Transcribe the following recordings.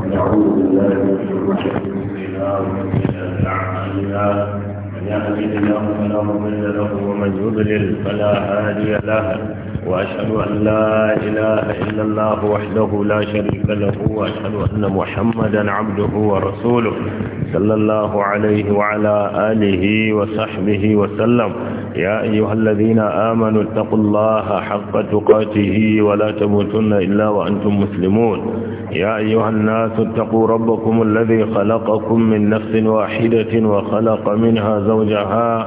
ونعوذ بالله من شرور انفسنا ومن سيئات اعمالنا من يهده الله فلا مضل له ومن يضلل فلا هادي له وأشهد أن لا إله إلا الله وحده لا شريك له وأشهد أن محمدا عبده ورسوله صلى الله عليه وعلى آله وصحبه وسلم يا أيها الذين آمنوا اتقوا الله حق تقاته ولا تموتن إلا وأنتم مسلمون يا أيها الناس اتقوا ربكم الذي خلقكم من نفس واحدة وخلق منها زوجها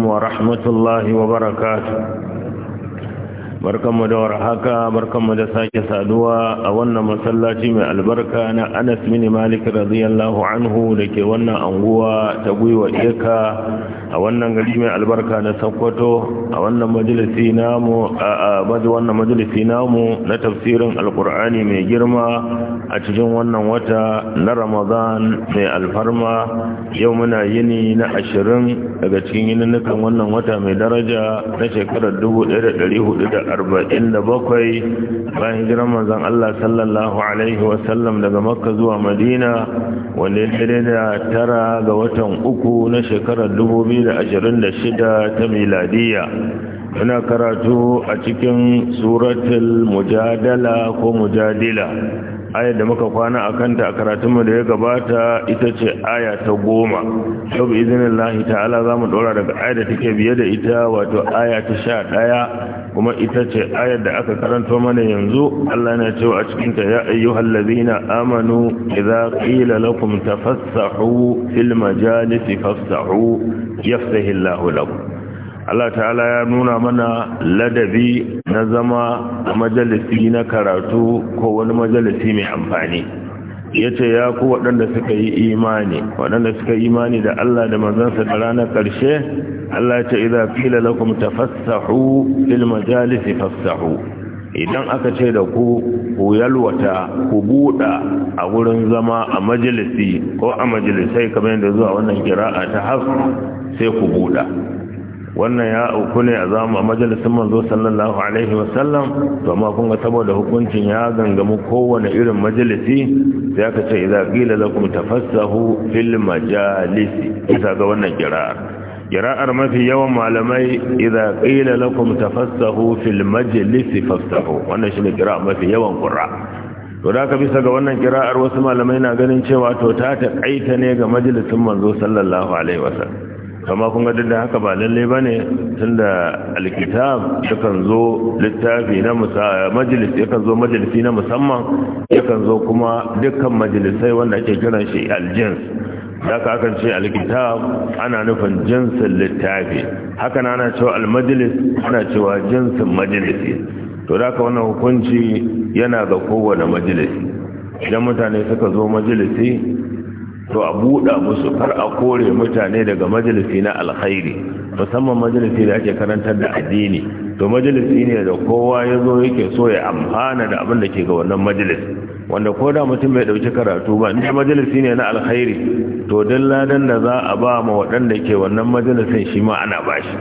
عليكم ورحمة الله وبركاته barkanmu da barkan barkanmu da sake saduwa a wannan masallaci mai albarka na Anas bin Malik radiyallahu anhu da ke wannan anguwa ta gwiwa Eka a wannan gari mai albarka na Sokoto a wannan majalisi namu a baji wannan majalisi namu na tafsirin Alkur'ani mai girma a cikin wannan wata na Ramadan mai alfarma yau muna yini na ashirin daga cikin yininnukan wannan wata mai daraja na shekarar 1400 47 bayan hijiran manzon Allah sallallahu alaihi wasallam daga makka zuwa madina wanda ya da tara ga watan uku na shekarar 2026 ta miladiya muna karatu a cikin suratul mujadala ko mujadila ayar da muka kwana a kanta a karatunmu da ya gabata ita ce aya ta goma yau bi izinin lahi ta'ala za mu ɗora daga ayar da take biye da ita wato aya ta sha ɗaya kuma ita ce ayar da aka karanto mana yanzu allah na cewa a cikinta ya ayyu hallazina amanu idza qila lakum tafassahu fil majalisi fafsahu yafsahillahu lakum Allah ta'ala ya nuna mana ladabi na zama a majalisi na karatu ko wani majalisi mai amfani ya ce ya ku waɗanda suka yi imani waɗanda suka yi imani da Allah da manzansa da ranar karshe Allah ya ce idan fila lakum tafassahu fil majalisi fassahu idan aka ce da ku ku yalwata ku buɗa a wurin zama a majalisi ko a majalisai kamar yadda zuwa wannan kira'a ta haf sai ku buɗa wannan ya auku ne a zama a majalisun manzo sallallahu alaihi wasallam to amma kun ga saboda hukuncin ya gangamu kowane irin majalisi sai aka ce idza qila lakum tafassahu fil majalisi isa ga wannan qira'ar qira'ar mafi yawan malamai idza qila lakum tafassahu fil majlisi fafsahu wannan shine qira'ar mafi yawan qurra to da ka bisa ga wannan kira'ar wasu malamai na ganin cewa to ta taƙaita ne ga majalisun manzo sallallahu alaihi wasallam kama kun ga dinda haka ba lalle ba ne tun da alkitab yakan zo littafi na majalis yakan zo majalisi na musamman yakan zo kuma dukkan majalisai wanda ake kiran shi aljins da ka akan ce alkitab ana nufin jinsin littafi haka na ana cewa almajalis ana cewa jinsin majalisi to da ka wannan hukunci yana ga kowane majalisi idan mutane suka zo majalisi to a buɗa musu har a kore mutane daga majalisi na alkhairi musamman majalisi da ake karantar da addini to majalisi ne da kowa ya zo yake so ya amfana da abin da ke ga wannan majalis. wanda ko da mutum bai ɗauki karatu ba inda majalisi ne na alkhairi to don ladan da za a ba ma waɗanda ke wannan majalisin shi ma ana bashi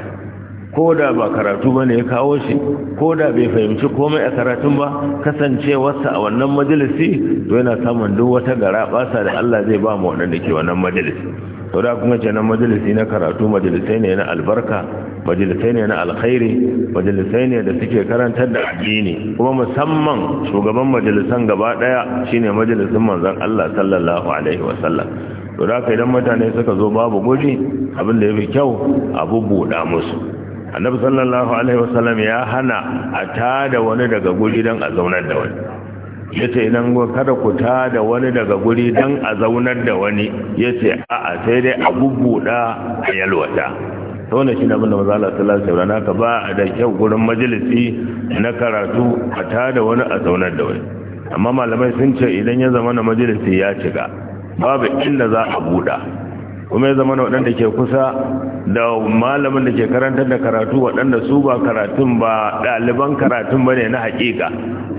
ko da ba karatu ne ya kawo shi ko da bai fahimci komai a karatun ba kasancewarsa a wannan majalisi to yana samun duk wata gara basa da Allah zai ba mu waɗanda ke wannan majalisi to da kuma ce nan majalisi na karatu majalisai ne na albarka majalisai ne na alkhairi majalisai ne da suke karantar da addini kuma musamman shugaban majalisan gaba ɗaya shine majalisin manzon Allah sallallahu alaihi wa Sallam. to da idan mutane suka zo babu gudi abin da yafi kyau abu buɗa musu annabi sallallahu alaihi wasallam ya hana a tada wani daga guri don a zaunar da wani yace idan kada ku tada wani daga guri don a zaunar da wani yace a sai dai a bubbuda a yalwata tona shi na Allah sallallahu alaihi wasallam ka ba da kyau gurin majalisi na karatu a tada wani a zaunar da wani amma malamai sun ce idan ya zama na majalisi ya cika babu inda za a buɗa kuma ya zama waɗanda ke kusa da malamin da ke karantar da karatu waɗanda su ba karatun ba ɗaliban karatun ba ne na haƙiƙa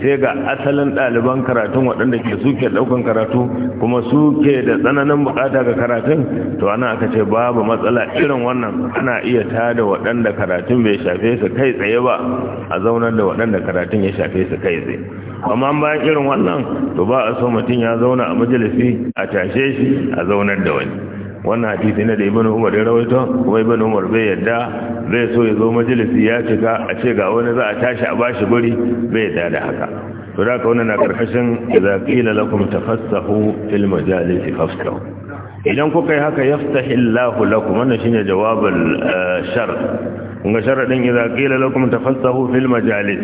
sai ga asalin ɗaliban karatun waɗanda ke suke ɗaukan karatu kuma suke da tsananin buƙata ga karatun to ana aka ce babu matsala irin wannan ana iya tada waɗanda karatun bai shafe su kai tsaye ba a zaunar da waɗanda karatun ya shafe su kai tsaye amma bayan irin wannan to ba a so mutum ya zauna a majalisi a tashe shi a zaunar da wani wannan hadisi na da ibn umar ya rawaito kuma ibn umar bai yadda zai so ya zo majalisi ya cika a ce ga wani za a tashi a bashi guri bai yadda da haka to da ka wannan na karkashin idza eh, qila lakum tafassahu fil majalis fafsahu idan kuka yi haka yaftahillahu lakum wannan shine jawabul shar kun ga sharadin idza qila lakum tafassahu fil majalis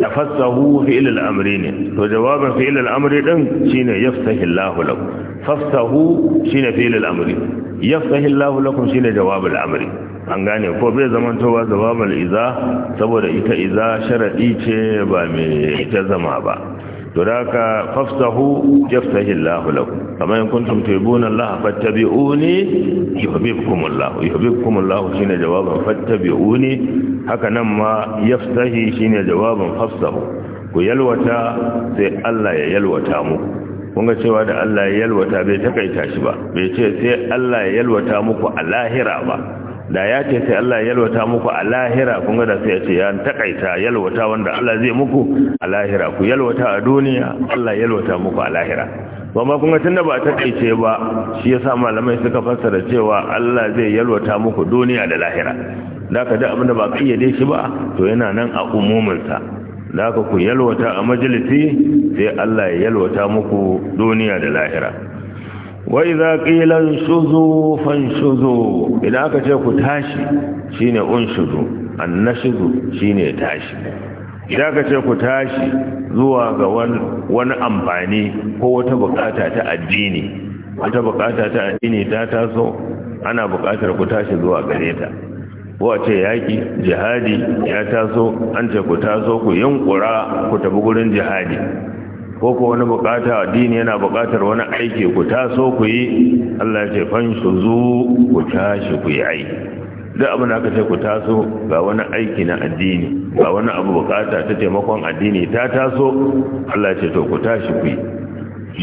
tafassahu fi'il al-amri ne to jawabin fi'il al-amri din shine yafsahu Allahu lakum fasahu shine fi'il al-amri yafsahu Allahu lakum shine jawabul amri an gane ko bai zaman towa jawabul iza saboda ita iza sharadi ce ba mai ita zama ba to da ka fafsahu yaftahi Allahu lakum kamar in kuntum tuibuna Allah fattabi'uni yuhibbukumullah yuhibbukumullah shine jawaban fattabi'uni haka nan ma yaftahi shine jawaban fafsahu ku yalwata sai Allah ya yalwata muku Kunga cewa da Allah ya yalwata bai takaita shi ba bai ce sai Allah ya yalwata muku a lahira ba da ya ce sai Allah ya yalwata muku a lahira kun da sai ya ce ya takaita yalwata wanda Allah zai muku a lahira ku yalwata a duniya Allah yalwata muku a lahira amma kun ga tunda ba ta kaice ba shi yasa malamai suka fassara cewa Allah zai yalwata muku duniya da lahira da ka da abinda ba dai shi ba to yana nan a umumin sa da ka ku yalwata a majalisi sai Allah ya yalwata muku duniya da lahira وإذا قيل انشزوا فانشزوا إذا كتبوا تاشي شين انشزوا النشزوا شين tashi. idan aka ce ku tashi zuwa ga wani amfani ko wata bukata ta addini wata bukata ta addini ta taso ana bukatar ku tashi zuwa gare ta ko a ce yaki jihadi ya taso an ce ku taso ku yunkura ku tafi gurin jihadi ko ko wani bukata addini yana bukatar wani aiki ku taso ku yi Allah ya ce fansu zu ku tashi ku yi aiki duk abin da aka ce ku taso ga wani aiki na addini ga wani abu bukata ta taimakon addini ta taso Allah ya ce to ku tashi ku yi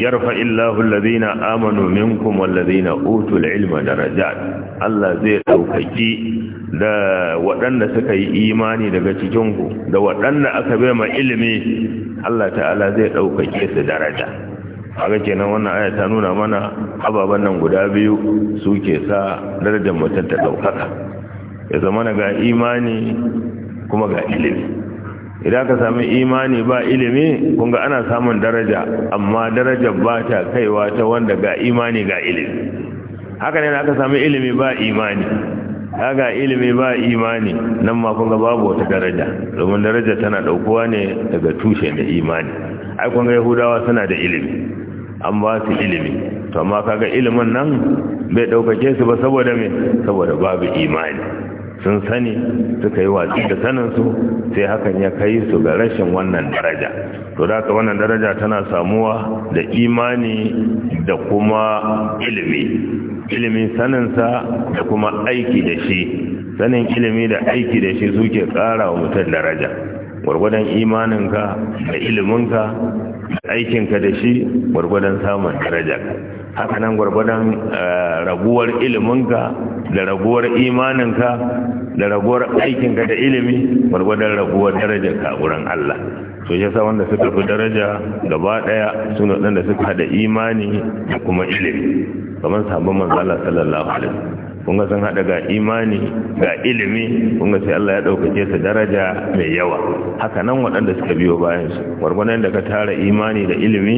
yarfa illahu alladhina amanu minkum walladhina utul ilma darajat Allah zai daukaki da waɗanda suka yi imani daga cikinku da waɗanda aka bai ma ilimi Allah ta'ala zai ɗaukake su daraja haka kenan wannan aya ta nuna mana ababen nan guda biyu suke sa darajar mutum ta ɗaukaka ya zama na ga imani kuma ga ilimi idan ka sami imani ba ilimi kunga ana samun daraja amma darajar ba ta kaiwa ta wanda ga imani ga ilimi haka ne aka sami ilimi ba imani kaga ilimi ba imani nan ma kun ga babu wata daraja domin daraja tana daukuwa ne daga tushe da imani ai kun ga yahudawa suna da ilimi an ba su ilimi to amma kaga ilimin nan bai daukake su ba saboda me saboda babu imani sun sani suka yi watsi da saninsu sai hakan ya kai su ga rashin wannan daraja to da wannan daraja tana samuwa da imani da kuma ilimi ilimin saninsa da kuma aiki da shi sanin ilimi da aiki da shi suke ƙara wa mutum daraja gwargwadon imaninka da iliminka aikinka da shi gwargwadon samun daraja haka nan gwargwadon eh, raguwar iliminka da raguwar imaninka da raguwar aikinka da ilimi gwargwadon raguwar darajarka a wurin Allah so yasa wanda suka fi daraja gaba daya suna da suka da imani da kuma ilimi kamar sabon manzala sallallahu alaihi kun ga san hada ga imani ga ilimi kun ga sai Allah ya dauke su daraja mai yawa haka nan waɗanda suka biyo bayan su gwargwadon da ka tara imani da ilimi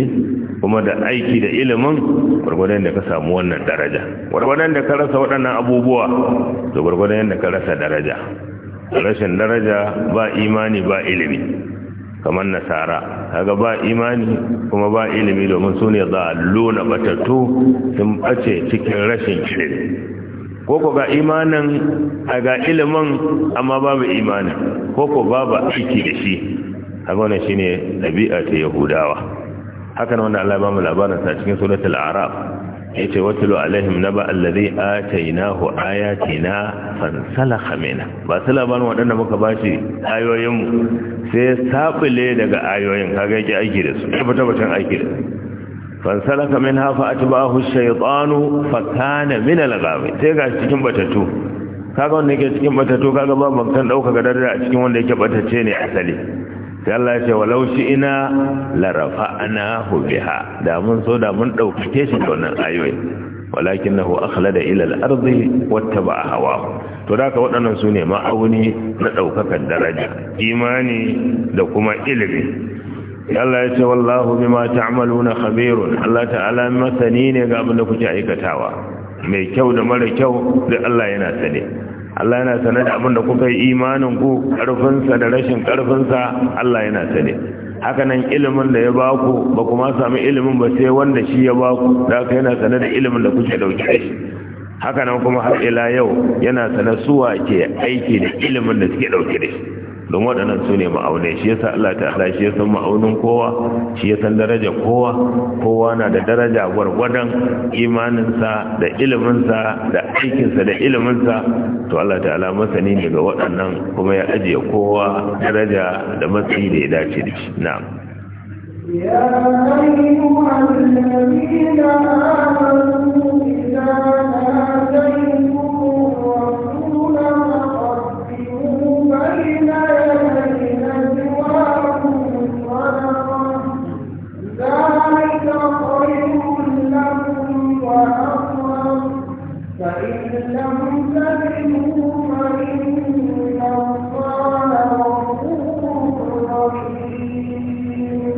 kuma da aiki da ilimin gwargwadon da ka samu wannan daraja gwargwadon da ka rasa waɗannan abubuwa to gwargwadon da ka rasa daraja rashin daraja ba imani ba ilimi kamar nasara kaga ba imani kuma ba ilimi domin su ne za a luna batattu sun ɓace cikin rashin ilimi koko ga imanin a ga ilimin amma babu imanin koko babu aiki da shi kaga wannan shine ɗabi'a ta yahudawa Haka nan wanda Allah ya ba mu labarin sa cikin suratul arab yace watulu alaihim naba allazi atainahu ayatina fansalakha minha ba su labarin wadanda muka bashi ayoyin mu sai sabule daga ayoyin kaga yake aiki da su tabbatan aiki da fansalakha minha fa atba'ahu ash-shaytanu fa kana min al-ghawi sai ga cikin batatu kaga wanda yake cikin batatu kaga ba mamtan dauka gadar a cikin wanda yake batacce ne asali yalla ce walau shi ina larafa ana biha da mun so da mun ɗaukake shi da wannan ayoyi walakin na da akhlada ila wata ba a hawa to da ka waɗannan su ne ma'auni na ɗaukakan daraja imani da kuma ilimi Allah ya ce wallahu bima ta'maluna khabirun Allah ta'ala masani ne ga abin da kuke aikatawa mai kyau da mara kyau da Allah yana sane Allah yana sane da abin da kuka yi imanin ku ƙarfinsa da rashin ƙarfinsa Allah yana sane hakanan ilimin da ya ba ku ba kuma sami ilimin ba sai wanda shi ya ba ku da yana sane da ilimin da kuke dauke shi hakanan kuma har ila yau yana sane suwa ke aiki da ilimin da suke dauke da shi don waɗannan su ne ma'aunai shi yasa Allah ta'ala shi yasan ma'aunin kowa shi yasan daraja kowa kowa na da daraja gwargwadon imaninsa da iliminsa da aikinsa da iliminsa to Allah ta'ala masani ne ga waɗannan kuma ya ajiye kowa daraja da matsayi da ya dace da shi na Ya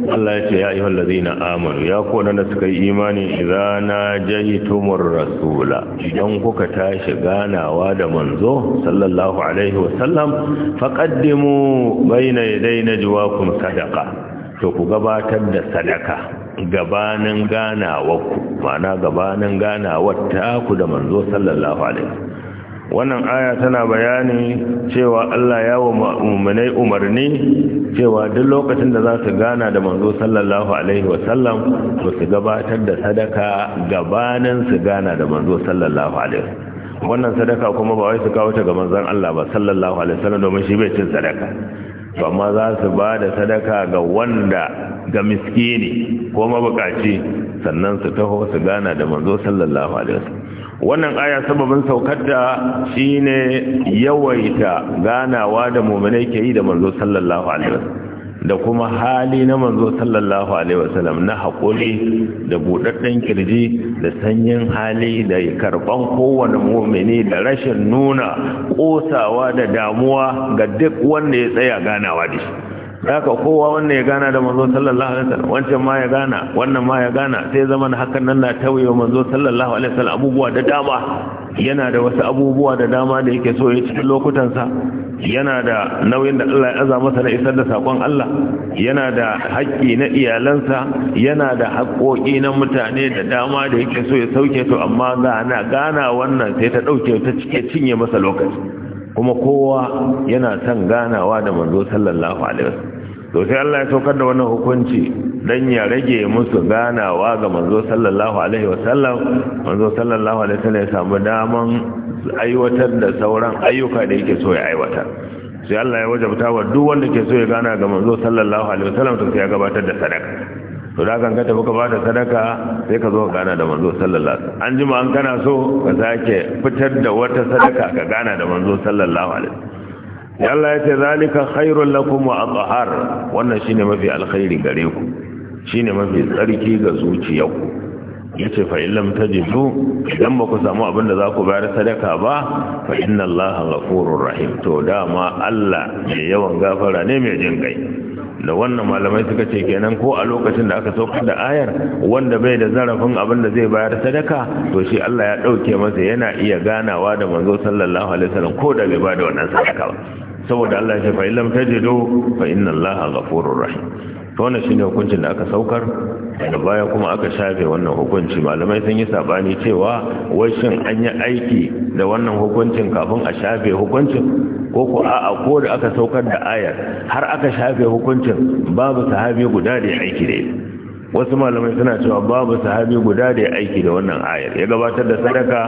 Allah ya ce ayyuhal ladina amanu ya ku da suka yi imani idza najaytumur rasula idan kuka tashi ganawa da manzo sallallahu alaihi wasallam faqaddimu bayna yaday najwaakum sadaqa to ku gabatar da sadaka gabanin ganawarku ma'ana gabanin ganawar taku da manzo sallallahu alaihi wannan aya tana bayani cewa Allah ya wa mu'minai umarni cewa duk lokacin da za su gana da manzo sallallahu alaihi wasallam to su gabatar da sadaka gabanin su gana da manzo sallallahu alaihi wannan sadaka kuma ba wai su kawo ta ga manzon Allah ba sallallahu alaihi wasallam domin shi bai cin sadaka to amma za su ba da sadaka ga wanda ga miskini ko mabukaci sannan su taho su gana da manzo sallallahu alaihi wasallam wannan aya sababin saukar da shine yawaita ganawa da mu'minai ke yi da manzo sallallahu alaihi wasallam da kuma hali na manzo sallallahu alaihi wasallam na haƙuri da buɗaɗɗen kirji da sanyin hali da karɓan kowane mumini da rashin nuna ƙosawa da damuwa ga duk wanda ya tsaya ganawa da shi haka kowa wannan ya gana da manzo sallallahu alaihi wasallam wancan ma ya gana wannan ma ya gana sai zaman hakan nan na tauyewa manzo sallallahu alaihi wasallam abubuwa da dama yana da wasu abubuwa da dama da yake so ya cikin lokutansa yana da nauyin da Allah ya aza masa na isar da sakon Allah yana da haƙƙi na iyalansa yana da haƙƙoƙi na mutane da dama da yake so ya sauke to amma gana gana wannan sai ta ɗauke ta cike cinye masa lokaci kuma kowa yana son ganawa da manzo sallallahu alaihi wasallam to sai Allah ya saukar da wannan hukunci dan ya rage musu ganawa ga manzo sallallahu alaihi wasallam manzo sallallahu alaihi wasallam ya samu daman aiwatar da sauran ayyuka da yake so ya aiwata sai Allah ya wajabta wa duk wanda ke so ya gana ga manzo sallallahu alaihi wasallam to sai ya gabatar da sadaka to da kan ka tafi ka bada sadaka sai ka zo ka gana da manzo sallallahu alaihi wasallam an jima an kana so ka sake fitar da wata sadaka ka gana da manzo sallallahu alaihi wasallam ya Allah ya ce zalika khairul lakum wa athhar wannan shine mafi alkhairi gare ku shine mafi tsarki ga zuciyarku yace fa in lam tajidu idan ba ku samu abin da za ku bayar sadaka ba fa inna Allah ghafurur rahim to dama Allah mai yawan gafara ne mai jin kai da wannan malamai suka ce kenan ko a lokacin da aka saukar da ayar wanda bai da zarafin abin da zai bayar sadaka to shi Allah ya ɗauke masa yana iya ganawa da manzo sallallahu alaihi wasallam ko da bai ba da wannan sadaka ba saboda Allah ya ce fa illam tajidu fa inna Allaha ghafurur rahim to wannan shine hukuncin da aka saukar daga baya kuma aka shafe wannan hukunci malamai sun yi sabani cewa wai shin an yi aiki da wannan hukuncin kafin a shafe hukuncin ko ko a'a ko da aka saukar da ayar har aka shafe hukuncin babu sahabi guda da aiki da ita wasu malamai suna cewa babu sahabi guda da ya aiki da wannan ayar ya gabatar da sadaka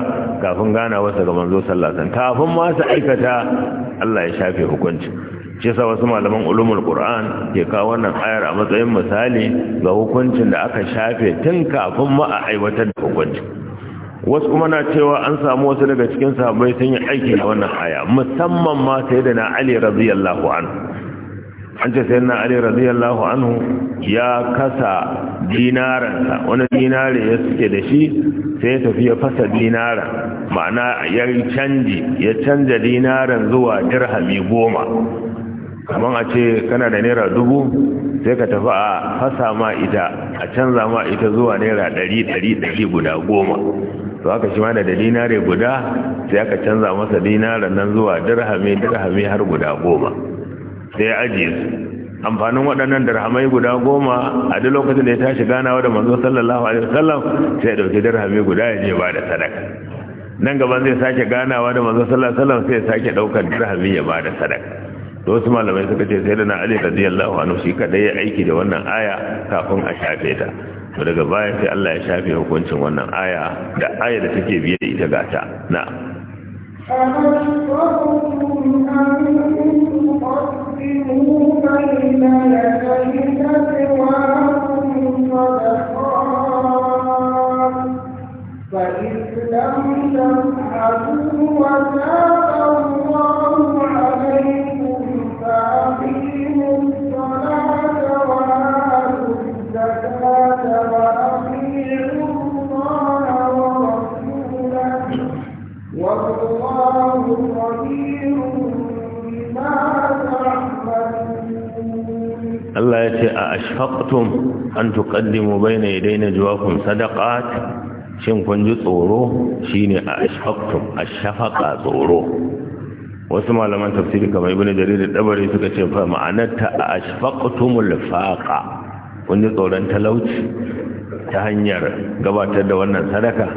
kafin gana wasa ga manzo sallasan kafin masu aikata Allah ya shafe hukunci. shi sa wasu malaman ulumul qur'an ke kawo wannan ayar a matsayin misali ga hukuncin da aka shafe tun kafin ma a aiwatar da hukunci wasu kuma na cewa an samu wasu daga cikin sahabbai sun yi aiki da wannan aya musamman ma da na ali radiyallahu anhu an ce sayan na ali radiyallahu anhu ya kasa dinaransa wani dinare ya suke da shi sai ya tafi ya fasa dinara ma'ana ya canji ya canja dinaran zuwa dirhami goma kamar a ce kana da naira dubu sai ka tafi a fasa ma ita a canza ma ita zuwa naira ɗari ɗari ɗari guda goma to aka shi ma da dinare guda sai aka canza masa dinaran nan zuwa dirhami dirhami har guda goma sai ya ajiye su amfanin waɗannan darhamai guda goma a duk lokacin da ya tashi ganawa da manzo sallallahu alaihi wasallam sai ya dauki dirhami guda ya je ba sadaka nan gaba zai sake ganawa da manzo sallallahu alaihi wasallam sai ya sake daukar darhami ya bada da sadaka wasu malamai suka ce sai dana ali radiyallahu anhu shi kadai ya aiki da wannan aya kafin a shafe ta to daga baya sai Allah ya shafe hukuncin wannan aya da aya da take biye da ita gata na فإن لم تفعلوا وتاب الله Allah ce a ashfaqtum an tuqaddimu bayna yaday najwaakum sadaqat shin kun ji tsoro shine a ashfaqtum ashfaqa tsoro wasu malaman tafsiri kamar ibnu jarir dabari suka ce fa ta a ashfaqtumul faqa kun ji tsoron talauci ta hanyar gabatar da wannan sadaka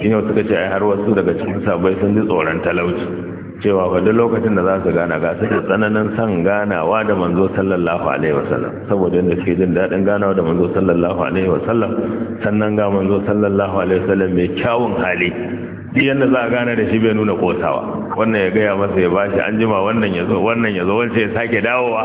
shine suka ce ai har wasu daga cikin sabai sun ji tsoron talauci cewa wadda lokacin da za su gana ga suke tsananin san ganawa da manzo sallallahu alaihi wasallam saboda yadda ke jin daɗin ganawa da manzo sallallahu alaihi wasallam sannan ga manzo sallallahu alaihi wasallam mai kyawun hali duk yadda za a gane da shi bai nuna kosawa wannan ya gaya masa ya bashi an jima wannan ya zo wannan ya zo wancan ya sake dawowa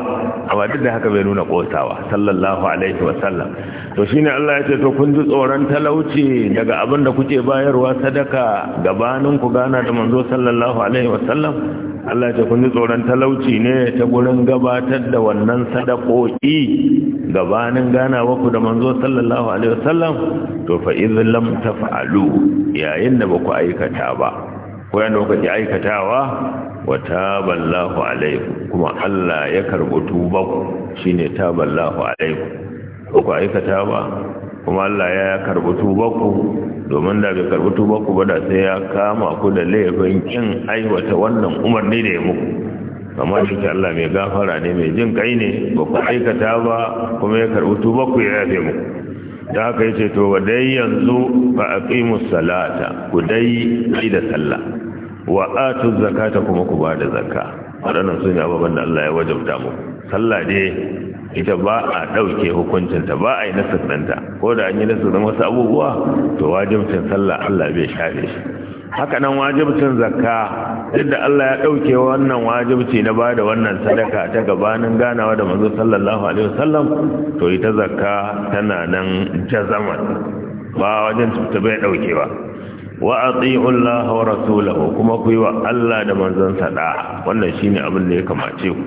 amma duk da haka bai nuna kosawa sallallahu alaihi wa sallam to shine Allah ya ce to kun ji tsoron talauci daga abin da kuke bayarwa sadaka gabanin ku gana da manzo sallallahu alaihi wa sallam Allah ya ce kun ji tsoron talauci ne ta gurin gabatar da wannan sadakoki gabanin ganawa ku da manzo sallallahu alaihi wa sallam to fa idh lam taf'alu yayin da ba ku aika aikata ba wanda kuka ki aikatawa wa taballahu alaikum kuma Allah ya karbu tubanku shine taballahu alaikum ku aikata ba kuma Allah ya karbi tubanku domin da bai karbi tubanku ba da sai ya kama ku da laifin kin aiwata wannan umarni da ya muku amma shi Allah mai gafara ne mai jin kai ne ba ku aikata ba kuma ya karbi tubanku ya yafe muku da haka yi to wa dai yanzu a aqimus salata ku dai da sallah wa tun zakata kuma ku ba zaka zakka sun yi abubuwan da Allah ya wajabta mu sallah dai ita ba a ɗauke hukuncinta ba a yi nasar ko da an yi nasar wasu abubuwa to wajibcin sallah Allah bai shafe shi haka nan wajibcin zakka yadda Allah ya ɗauke wannan wajibci na ba da wannan sadaka ta gabanin ganawa da manzo sallallahu alaihi wasallam to ita zakka tana nan jazaman ba wajen ta bai ɗauke ba wa ati'u Allah wa rasulahu kuma ku wa Allah da manzon sa da wannan shine abin da ya kamace ku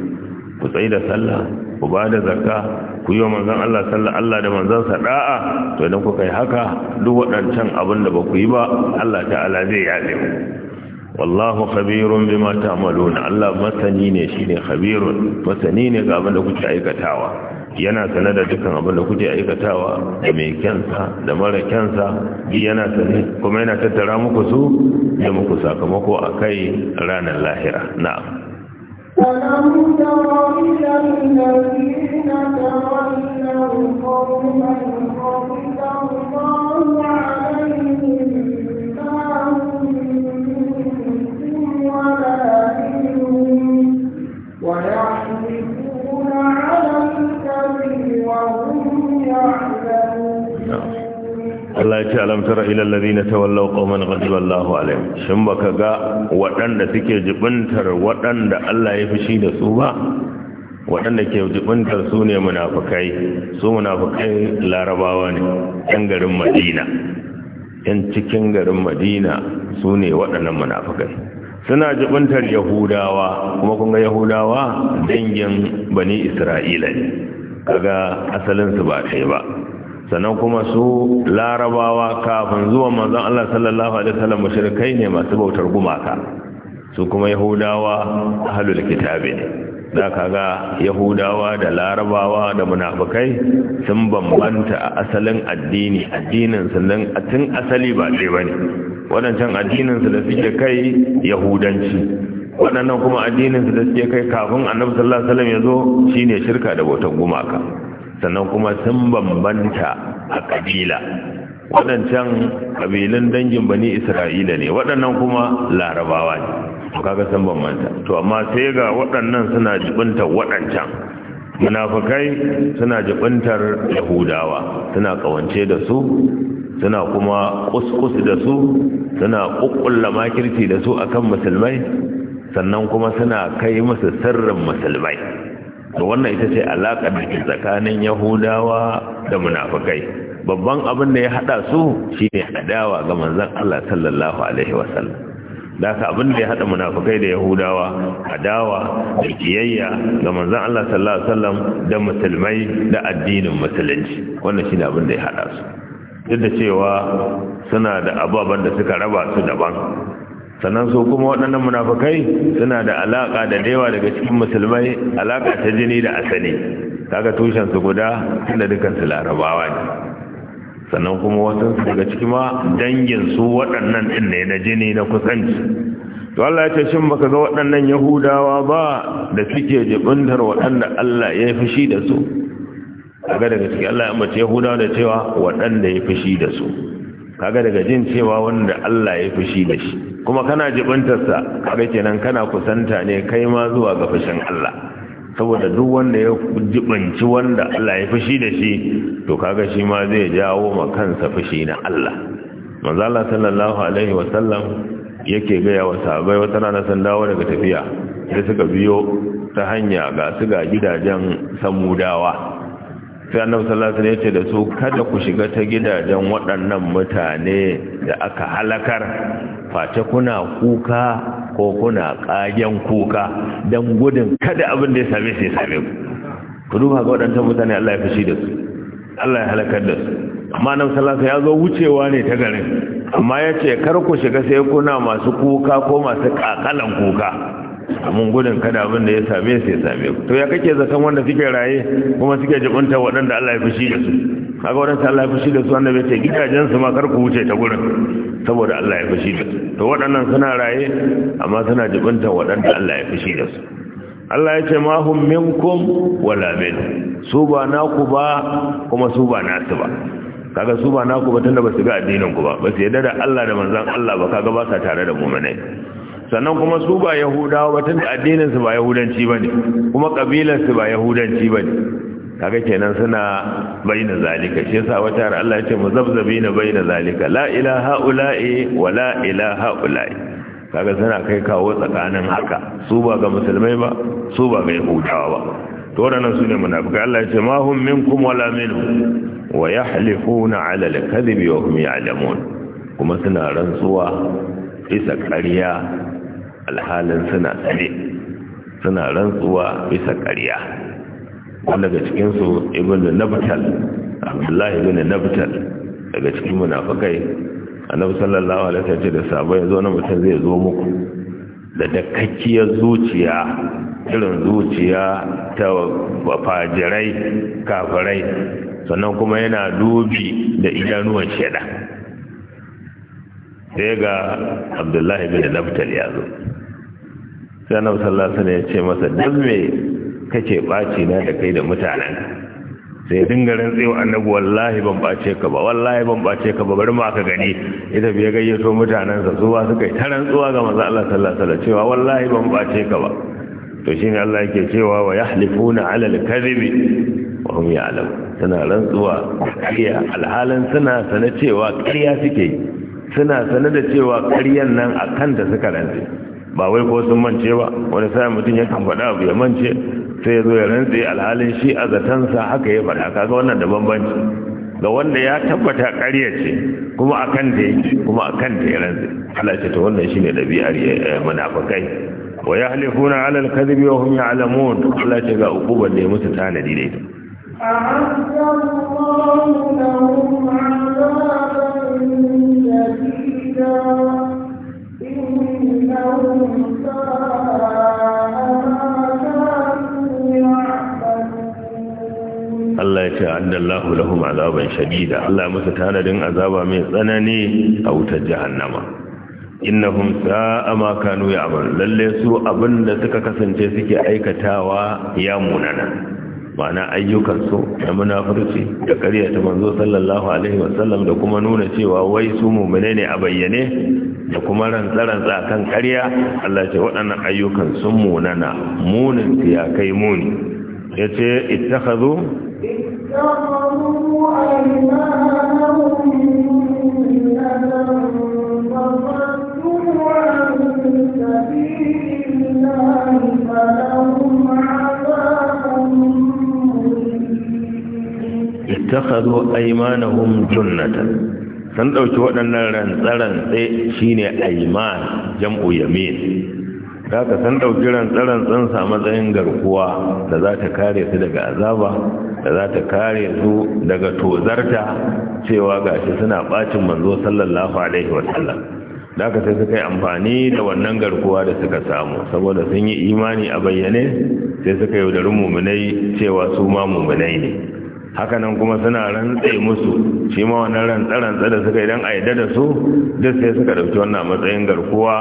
ku tsaye da sallah ku ba da zakka ku yi wa manzan Allah sallah Allah da manzansa da'a to idan kuka yi haka duk waɗancan abin da ba ku yi ba Allah ta'ala zai yaɗe ku wallahu khabirun bima ta'maluna Allah masani ne shine khabirun masani ne ga abin da kuke aikatawa yana sane da dukkan abin da kuke aikatawa da mai kyansa da mara kyansa yana sane kuma yana tattara muku su da muku sakamako akai ranar lahira na'am فلم تر إلى الذين تولوا قوما غضب Allah ya ce alamtara ilal ladina tawallaw qauman ghadiba Allahu alaihim shin baka ga waɗanda suke jibintar waɗanda Allah ya fishi da su ba waɗanda ke jibintar su ne munafukai su munafukai larabawa ne yan garin Madina yan cikin garin Madina su ne waɗannan munafukai suna jibintar Yahudawa kuma kun ga Yahudawa dangin bani Isra'ila ne kaga asalin su ba kai ba sannan kuma su larabawa kafin zuwa manzon Allah sallallahu alaihi wasallam mushrikai ne masu bautar gumaka su kuma yahudawa halul kitabe ne da kaga yahudawa da larabawa da munafikai sun bambanta a asalin addini addinin sannan a tun asali ba dai bane wadancan addinin su da suke kai yahudanci waɗannan kuma addinin su da suke kai kafin annabi sallallahu alaihi wasallam ya zo shine shirka da bautar gumaka sannan kuma sun bambanta a kabila waɗancan kabilun dangin bani isra'ila ne waɗannan kuma larabawa ne to kaga sun bambanta to amma sai ga waɗannan suna jibinta waɗancan Munafukai suna jibintar yahudawa suna ƙawance da su suna kuma kuskus da su suna ƙuƙƙulla makirci da su akan musulmai sannan kuma suna kai musu sirrin musulmai to wannan ita ce alaƙa da ke tsakanin yahudawa da munafukai babban abin da ya haɗa su shine adawa ga manzon Allah sallallahu alaihi wasallam da ka abin da ya haɗa munafukai da yahudawa adawa da kiyayya ga manzon Allah sallallahu alaihi wasallam da musulmai da addinin musulunci wannan shine abin da ya haɗa su duk da cewa suna da ababen da suka raba su daban sannan su kuma waɗannan munafukai suna da alaƙa da dewa daga cikin musulmai alaƙa ta jini da asali kaga tushen su guda tunda dukan su larabawa ne sannan kuma wasu daga cikin ma dangin su waɗannan din ne na jini na kusanci to Allah ya ce shin baka ga waɗannan Yahudawa ba da suke jibundar waɗanda Allah ya yi fushi da su kaga daga cikin Allah ya ambace Yahudawa da cewa waɗanda ya fushi da su kaga daga jin cewa wanda Allah ya fushi da shi kuma kana jibantarsa kaga kenan kana kusanta ne kai ma zuwa ga fushin Allah saboda duk wanda ya jibanci wanda Allah ya fushi da shi to kaga shi ma zai jawo ma kansa fushi na Allah manzo Allah sallallahu alaihi wasallam yake ga wa sahabbai wata rana san dawo daga tafiya sai suka biyo ta hanya ga su ga gidajen samudawa sai annabi sallallahu alaihi wasallam da su kada ku shiga ta gidajen waɗannan mutane da aka halakar face kuna kuka ko kuna kagen kuka don gudun kada abin da ya same su ya same ku ku duba ga waɗanta mutane Allah ya fashi da su Allah ya halakar da su amma nan salasa ya zo wucewa ne ta garin amma ya ce kar ku shiga sai kuna masu kuka ko masu kakalan kuka mun gudun kada abin da ya same su ya same ku to ya kake zaton wanda suke raye kuma suke jibinta waɗanda Allah ya fashi da su kaga wadansu Allah ya fushi da su annabi ce gidajen su ma kar ku wuce ta gurin saboda Allah ya fushi da to waɗannan suna raye amma suna jibinta waɗanda Allah ya fushi da su Allah ya ce ma hum minkum wala min su ba naku ba kuma su ba nasu ba kaga su ba naku ba tunda ba su ga addinin ku ba ba su yarda da Allah da manzon Allah ba kaga ba sa tare da mu'minai sannan kuma su ba yahudawa ba tunda addinin su ba yahudanci bane kuma kabilar su ba yahudanci bane kaga kenan suna bayyana zalika shi yasa wata har Allah ya ce na bayyana zalika la ilaha ula'i wa la ilaha ula'i kaga suna kai kawo tsakanin haka su ba ga musulmai ba su ba ga yahudawa ba to wannan su ne munafikai Allah ya ce ma hum minkum wala minhum wa yahlifuna ala al-kadhibi wa hum ya'lamun kuma suna rantsuwa bisa ƙarya alhalin suna tsare suna rantsuwa bisa ƙarya wanda daga cikinsu ibn nabtal abdullahi ibn nabtal daga cikin munafakai annabi sallallahu alaihi wasallam ce da sabai yazo na mutum zai zo muku da dakakkiyar zuciya irin zuciya ta fajirai kafirai sannan kuma yana dubi da idanuwan sheda sai ga abdullahi bin nabtal ya zo sai annabi sallallahu alaihi wasallam ya ce masa dan me kake baci na da kai da mutanen sai dinga rantsewa annabi wallahi ban bace ka ba wallahi ban bace ka ba bari ma ka gani ita bai gayyato mutanen sa zuwa suka yi ta rantsuwa ga manzo Allah sallallahu alaihi wasallam cewa wallahi ban bace ka ba to shine Allah yake cewa wa yahlifuna ala al-kadhibi wa hum ya'lamun suna rantsuwa kariya alhalan suna sana cewa kariya suke suna sana da cewa kariyan nan a kan da suka rantse ba wai ko sun mance ba wani sa mutum ya kan faɗa abu ya mance sai ya zo ya rantse alhalin shi a zatansa haka ya faɗa kaga wannan da bambanci ga wanda ya tabbata ƙarya ce kuma a kan ta yake kuma a kan ta ya rantse Allah ce ta wannan shine ɗabi'ar eh, munafikai wa yahlifuna ala al-kadhibi wa hum ya'lamun Allah ce ga ukuban da ya musu tanadi da ita أعد Allah ya ce addallahu lahum azaban shadida Allah musu tanadin azaba mai tsanani a wutar jahannama innahum sa'a ma kanu ya'mal lalle su abinda suka kasance suke aikatawa ya munana Bana ayyukan su da munafurci da ƙarya ta manzo sallallahu alaihi wasallam da kuma nuna cewa wai su mu'mine ne a bayyane da kuma rantsa-rantsa kan ƙarya Allah ce waɗannan ayyukan sun munana munin ya kai muni ya ce ittakhadhu اتخذوا ايمانهم جنة فانتوا شوئنا نرى نصرا شيني ايمان جمع يمين za ka san ɗauki rantsarantsansa a matsayin garkuwa da za ta kare su daga azaba da za ta kare su daga tozarta cewa gashi suna ɓacin manzo sallallahu alaihi wasallam da ka sai suka yi amfani da wannan garkuwa da suka samu saboda sun yi imani a bayyane sai suka yaudarin muminai cewa su ma muminai ne hakanan kuma suna rantse musu shi ma wannan rantsa-rantsa da suka idan aida da su duk sai suka dauki wannan matsayin garkuwa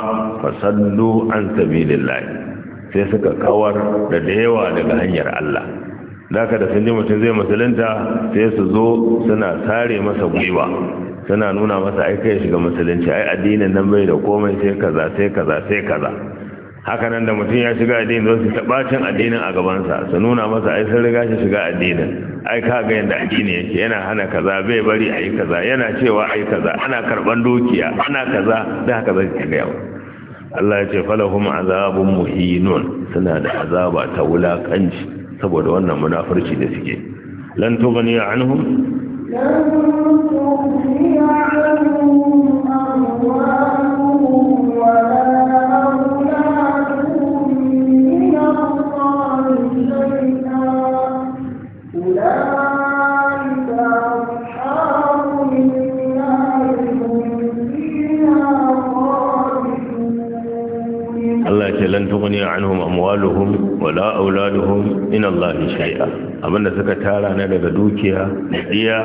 fasallu an sabilillahi sai suka kawar da dayawa daga hanyar Allah daga da sun ji mutum zai musulunta sai su zo suna sare masa gwiwa suna nuna masa aika ya shiga musulunci ai addinin nan bai da komai sai kaza sai kaza sai kaza haka nan da mutum ya shiga addini don su bacin addinin a gabansa su nuna masa ai sun riga shi shiga addinin ai ka ga yanda addini yake yana hana kaza bai bari ayi kaza yana cewa ai kaza ana karɓan dukiya ana kaza da haka zai ta gaya Allah ya ce falahum azabun muhinun suna da azaba ta wulakanci saboda wannan munafurci da suke lan tughni anhum lan tughni anhum تغني عنهم أموالهم ولا أولادهم من الله شيئا abinda suka tara na daga dukiya iya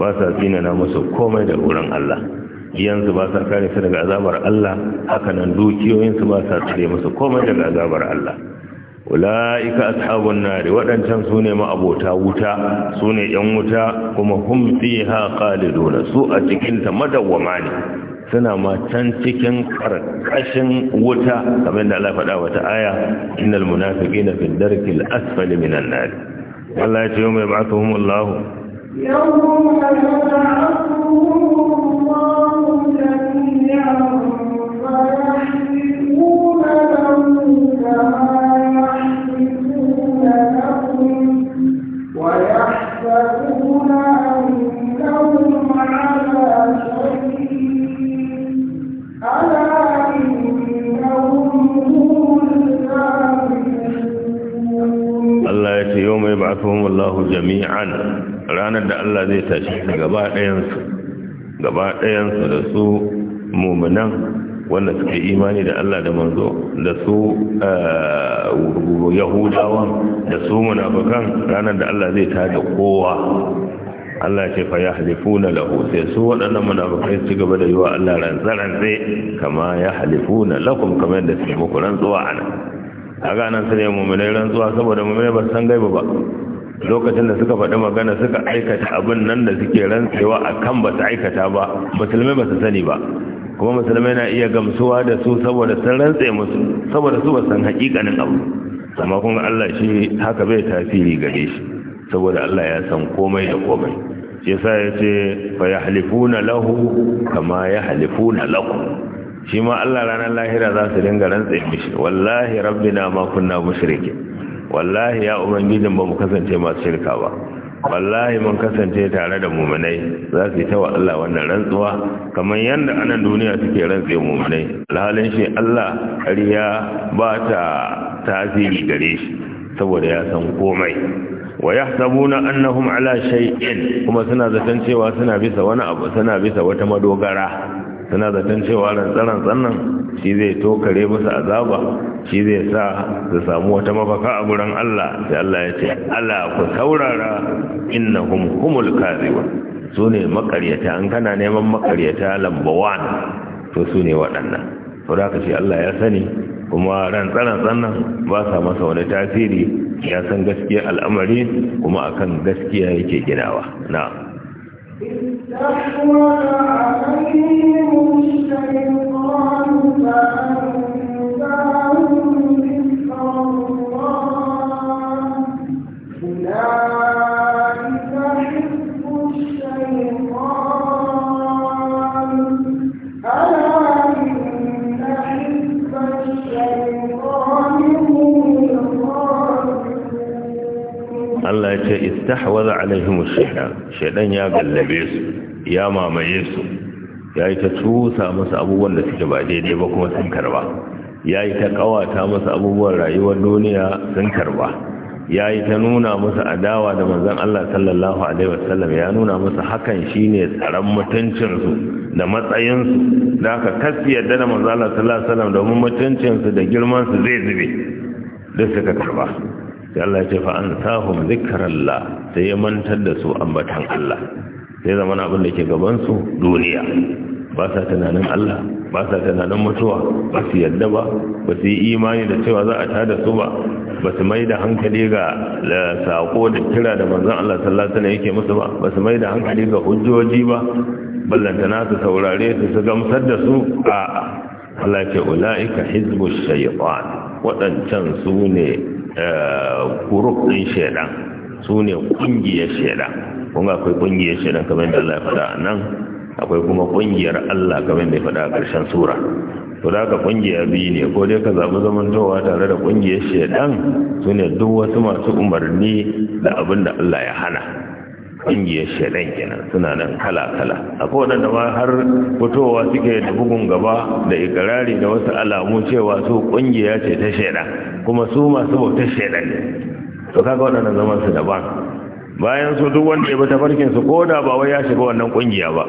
ba sa tsina na musu komai da wurin Allah iyansu ba sa kare su daga azabar Allah hakanan nan dukiyoyinsu ba sa tsare musu komai daga azabar Allah ula'ika ashabun nari waɗancan su ne ma'abota wuta su ne ‘yan wuta kuma hum fiha khaliduna su a cikinta madawwama ne suna matan cikin karkashin wuta kamar da Allah faɗa wata aya innal munafiqina fi darkil asfali minan nar Allah ya ce mai ba'athuhum Allah yawma yub'athuhum Allah jami'an Allahu jami'an ranar da Allah zai tashi gaba ɗayansu gaba ɗayansu da su mummunan wanda suke imani da Allah da manzo da su eh, yahudawan da su munafukan ranar da Allah zai tada kowa Allah ce fa ya halifuna lahu sai su waɗannan munafikai su gaba da yiwa Allah rantsa-rantsa kama ya halifuna lakum kamar yadda suke muku rantsuwa a nan a ganin su ne mummunai rantsuwa saboda mummunai ba san gaiba ba lokacin da suka faɗi magana suka aikata abin nan da suke rantsewa a kan ba su aikata ba musulmai ba su sani ba kuma musulmai na iya gamsuwa da su saboda sun rantse musu saboda su ba san haƙiƙanin abu amma kun Allah shi haka bai tasiri gare shi saboda Allah ya san komai da komai shi yasa ya ce fa yahlifuna lahu kama yahlifuna lakum shi ma Allah ranar lahira za su dinga rantse mishi wallahi rabbina ma kunna mushrikin wallahi ya ubangijin ba mu kasance masu shirka ba wallahi mun kasance tare da muminai za su yi ta wa Allah wannan rantsuwa kamar yadda anan duniya suke rantse muminai lahalin shi Allah ƙarya ba ta tasiri gare shi saboda ya san komai wa yahsabuna annahum ala shay'in kuma suna zaton cewa suna bisa wani abu suna bisa wata madogara suna zaton cewa rantsaran tsannan shi zai tokare musu azaba shi zai sa su samu wata mafaka a gurin Allah sai Allah ya ce ala ku saurara innahum humul kadhibun su ne makaryata an kana neman makaryata lamba to su ne waɗannan to da shi Allah ya sani kuma rantsaran tsannan ba sa masa wani tasiri ya san gaskiya al'amari kuma akan gaskiya yake ginawa na'am إذ تحول عليهم الشيطان Allah ya ce istahwaza alaihim shaytan shaytan ya gallabe su ya mamaye su ya yi ta tusa musu abubuwan da suke ba daidai ba kuma sun karba ya yi ta kawata musu abubuwan rayuwar duniya sun karba ya yi ta nuna musu adawa da manzon Allah sallallahu alaihi wasallam ya nuna musu hakan shine tsaron mutuncinsu da matsayinsu da aka kasi yadda da manzon Allah sallallahu alaihi wasallam domin mutuncinsu da girmansu zai zube duk suka karba sai Allah ce fa an sahum zikrallah sai ya mantar da su ambatan Allah sai zaman abin da ke gaban su duniya ba sa tunanin Allah ba sa tunanin mutuwa ba su yadda ba ba su yi imani da cewa za a da su ba ba su mai da hankali ga sako da kira da manzon Allah sallallahu alaihi yake musu ba ba su mai da hankali ga hujjoji ba ballantana su saurare su su gamsar da su a Allah ce ulaika hizbush shaytan wadancan su ne kuruk ɗin shaidan su ne ƙungiyar shaidan kuma akwai kungiyar shaidan kamar da Allah ya fada nan akwai kuma ƙungiyar Allah kamar da ya faɗa a ƙarshen sura to da ka ƙungiya biyu ne ko dai ka zaɓi zamantowa tare da ƙungiyar shaidan su ne duk wasu masu umarni da abin da Allah ya hana ƙungiyar shaidan kenan suna nan kala-kala a kowane ma har fitowa suke da bugun gaba da ikirari da wasu alamu cewa su ƙungiya ce ta shaida kuma su masu bautar shaidan ne to kaga waɗannan zaman su daban bayan su duk wanda ya bi tafarkin su ko da ba wai ya shiga wannan ƙungiya ba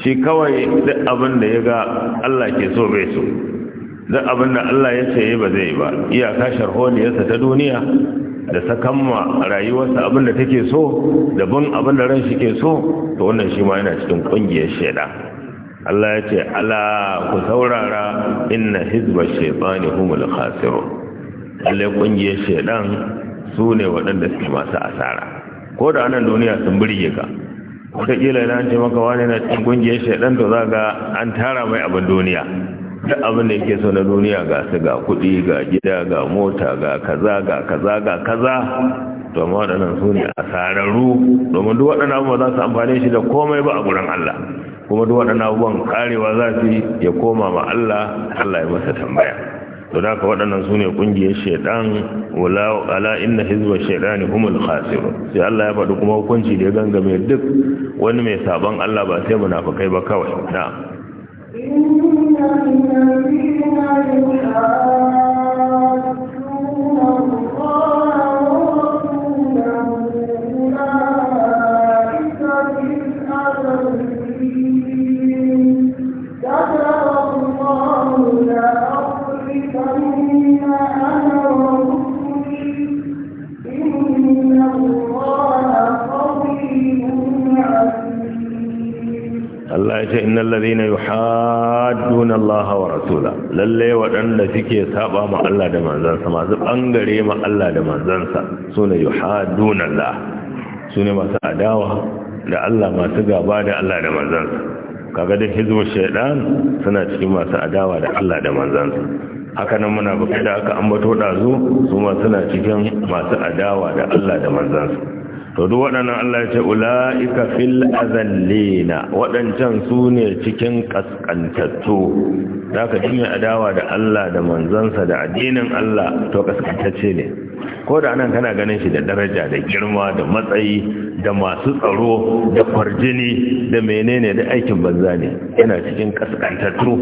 shi kawai duk abin da ya ga Allah ke so bai so duk abin da Allah ya ce ba zai ba iya iyaka sharholiyarsa ta duniya da sakan ma rayuwarsa abin da take so da bin abin da ran shi ke so to wannan shi ma yana cikin kungiyar shaida. Allah ya ce ala ku saurara inna hizba shaytani humul khasirun lalle kungiyar shaidan su ne waɗanda suke masu asara ko da anan duniya sun burge ka wataƙila na ce maka wani na cikin kungiyar shaidan to za ga an tara mai abin duniya da abin da yake so na duniya ga su ga kudi ga gida ga mota ga kaza ga kaza ga kaza domin waɗannan su ne sararru domin duk waɗannan abubuwa za su amfane shi da komai ba a gurin Allah kuma duk waɗannan abubuwan karewa za su ya koma ma Allah Allah ya masa tambaya to da ka waɗannan su ne ƙungiyar shaidan wala ala inna hizba shaidani humul khasir sai Allah ya faɗi kuma hukunci da ya gangame duk wani mai saban Allah ba sai munafikai ba kawai na'am الذين يحاولون ce innal yi yuhadduna Allah wa rasula lalle waɗanda suke saba ma Allah da manzansa masu bangare ma Allah da manzansa yi yuhadduna Allah ne masu adawa da Allah masu gaba da Allah da manzansa kaga da hizbul suna cikin masu adawa da Allah da manzansa Hakanan muna buƙatar aka ambato ɗazu, su masu suna cikin masu adawa da Allah da manzansa to duk waɗannan Allah ya ce ula'ika fil azallina waɗancan su ne cikin ƙasƙantattu zaka ka jini adawa da Allah da manzansa da addinin Allah to ƙasƙantacce ne ko da anan kana ganin shi da daraja da girma da matsayi da masu tsaro da kwarjini da menene da aikin banza ne yana cikin ƙasƙantattu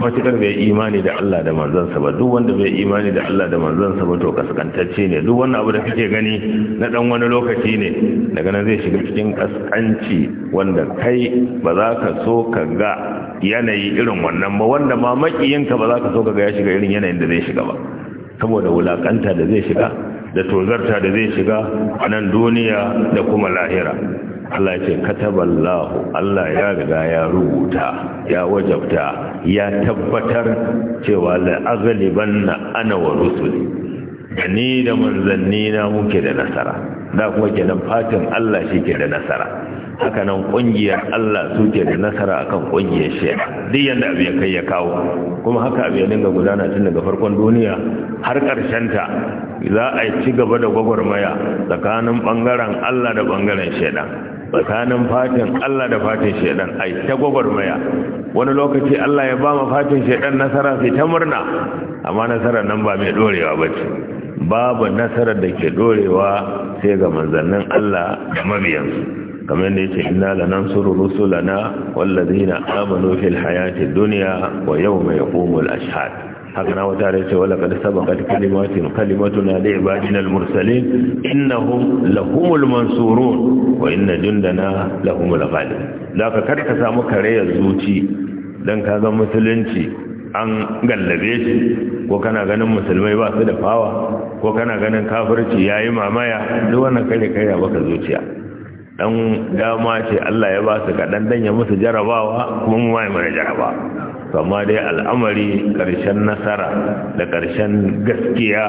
matukar bai imani da Allah da manzansa ba duk wanda bai imani da Allah da manzansa ba to kaskantacce ne duk wani abu da kake gani na dan wani lokaci ne daga nan zai shiga cikin kaskanci wanda kai ba za ka so ka ga yanayi irin wannan ba wanda ma makiyinka ba za ka so ka ga ya shiga irin yanayin da zai shiga ba saboda wulakanta da zai shiga da tozarta da zai shiga a nan duniya da kuma lahira Allah ce kataballahu Allah ya riga ya rubuta ya wajabta ya tabbatar cewa la'aghlibanna ana wa rusuli da ni da manzanni na muke da nasara da kuma kenan fatin Allah shi ke da nasara haka nan kungiyar Allah su ke da nasara akan kungiyar shi duk yanda abu ya kai ya kawo kuma haka abu ya dinga gudana tun daga farkon duniya har karshen ta za a yi ci gaba da gwagwarmaya tsakanin bangaren Allah da bangaren shaitan tsakanin fatin Allah da fatin shedan ai ta gwagwarmaya wani lokaci Allah ya ba mu fatin shedan nasara sai ta murna amma nasarar nan ba mai dorewa bace babu nasarar da ke dorewa sai ga manzannin Allah da mabiyansu kamar da yake inna lanansuru rusulana wallazina amanu fil hayati dunya wa yawma yaqumul ashhad haka na wata da saba laqad sabaqat kalimatun na da ibadina al-mursalin innahum lahumul mansurun wa inna jundana lahumul ghalib da ka karka samu kareyar zuci dan ka ga musulunci an gallabe shi ko kana ganin musulmai ba su da fawa ko kana ganin kafirci yayi mamaya duk wannan kare kare baka zuciya dan dama ce Allah ya ba su kaɗan dan ya musu jarabawa kuma mu mai mana jaraba amma dai al'amari ƙarshen nasara da ƙarshen gaskiya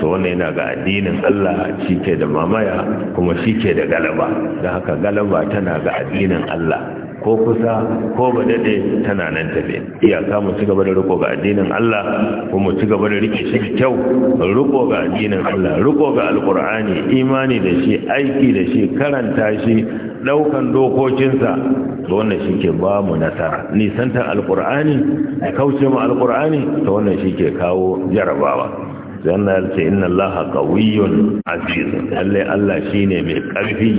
to wannan yana ga addinin Allah shi ke da mamaya kuma shi ke da galaba da haka galaba tana ga addinin Allah ko kusa ko ba daɗe tana nan tafe iyaka mu ci gaba da riko ga addinin Allah ko mu ci gaba da rike shi kyau riko ga addinin Allah riko ga alkur'ani imani da shi aiki da shi karanta shi ɗaukan dokokinsa to wannan ke ba mu nasara nisanta alkur'ani da kauce mu alkur'ani to wannan ke kawo jarabawa sannan ya ce inna allaha qawiyyun aziz lalle Allah shine mai karfi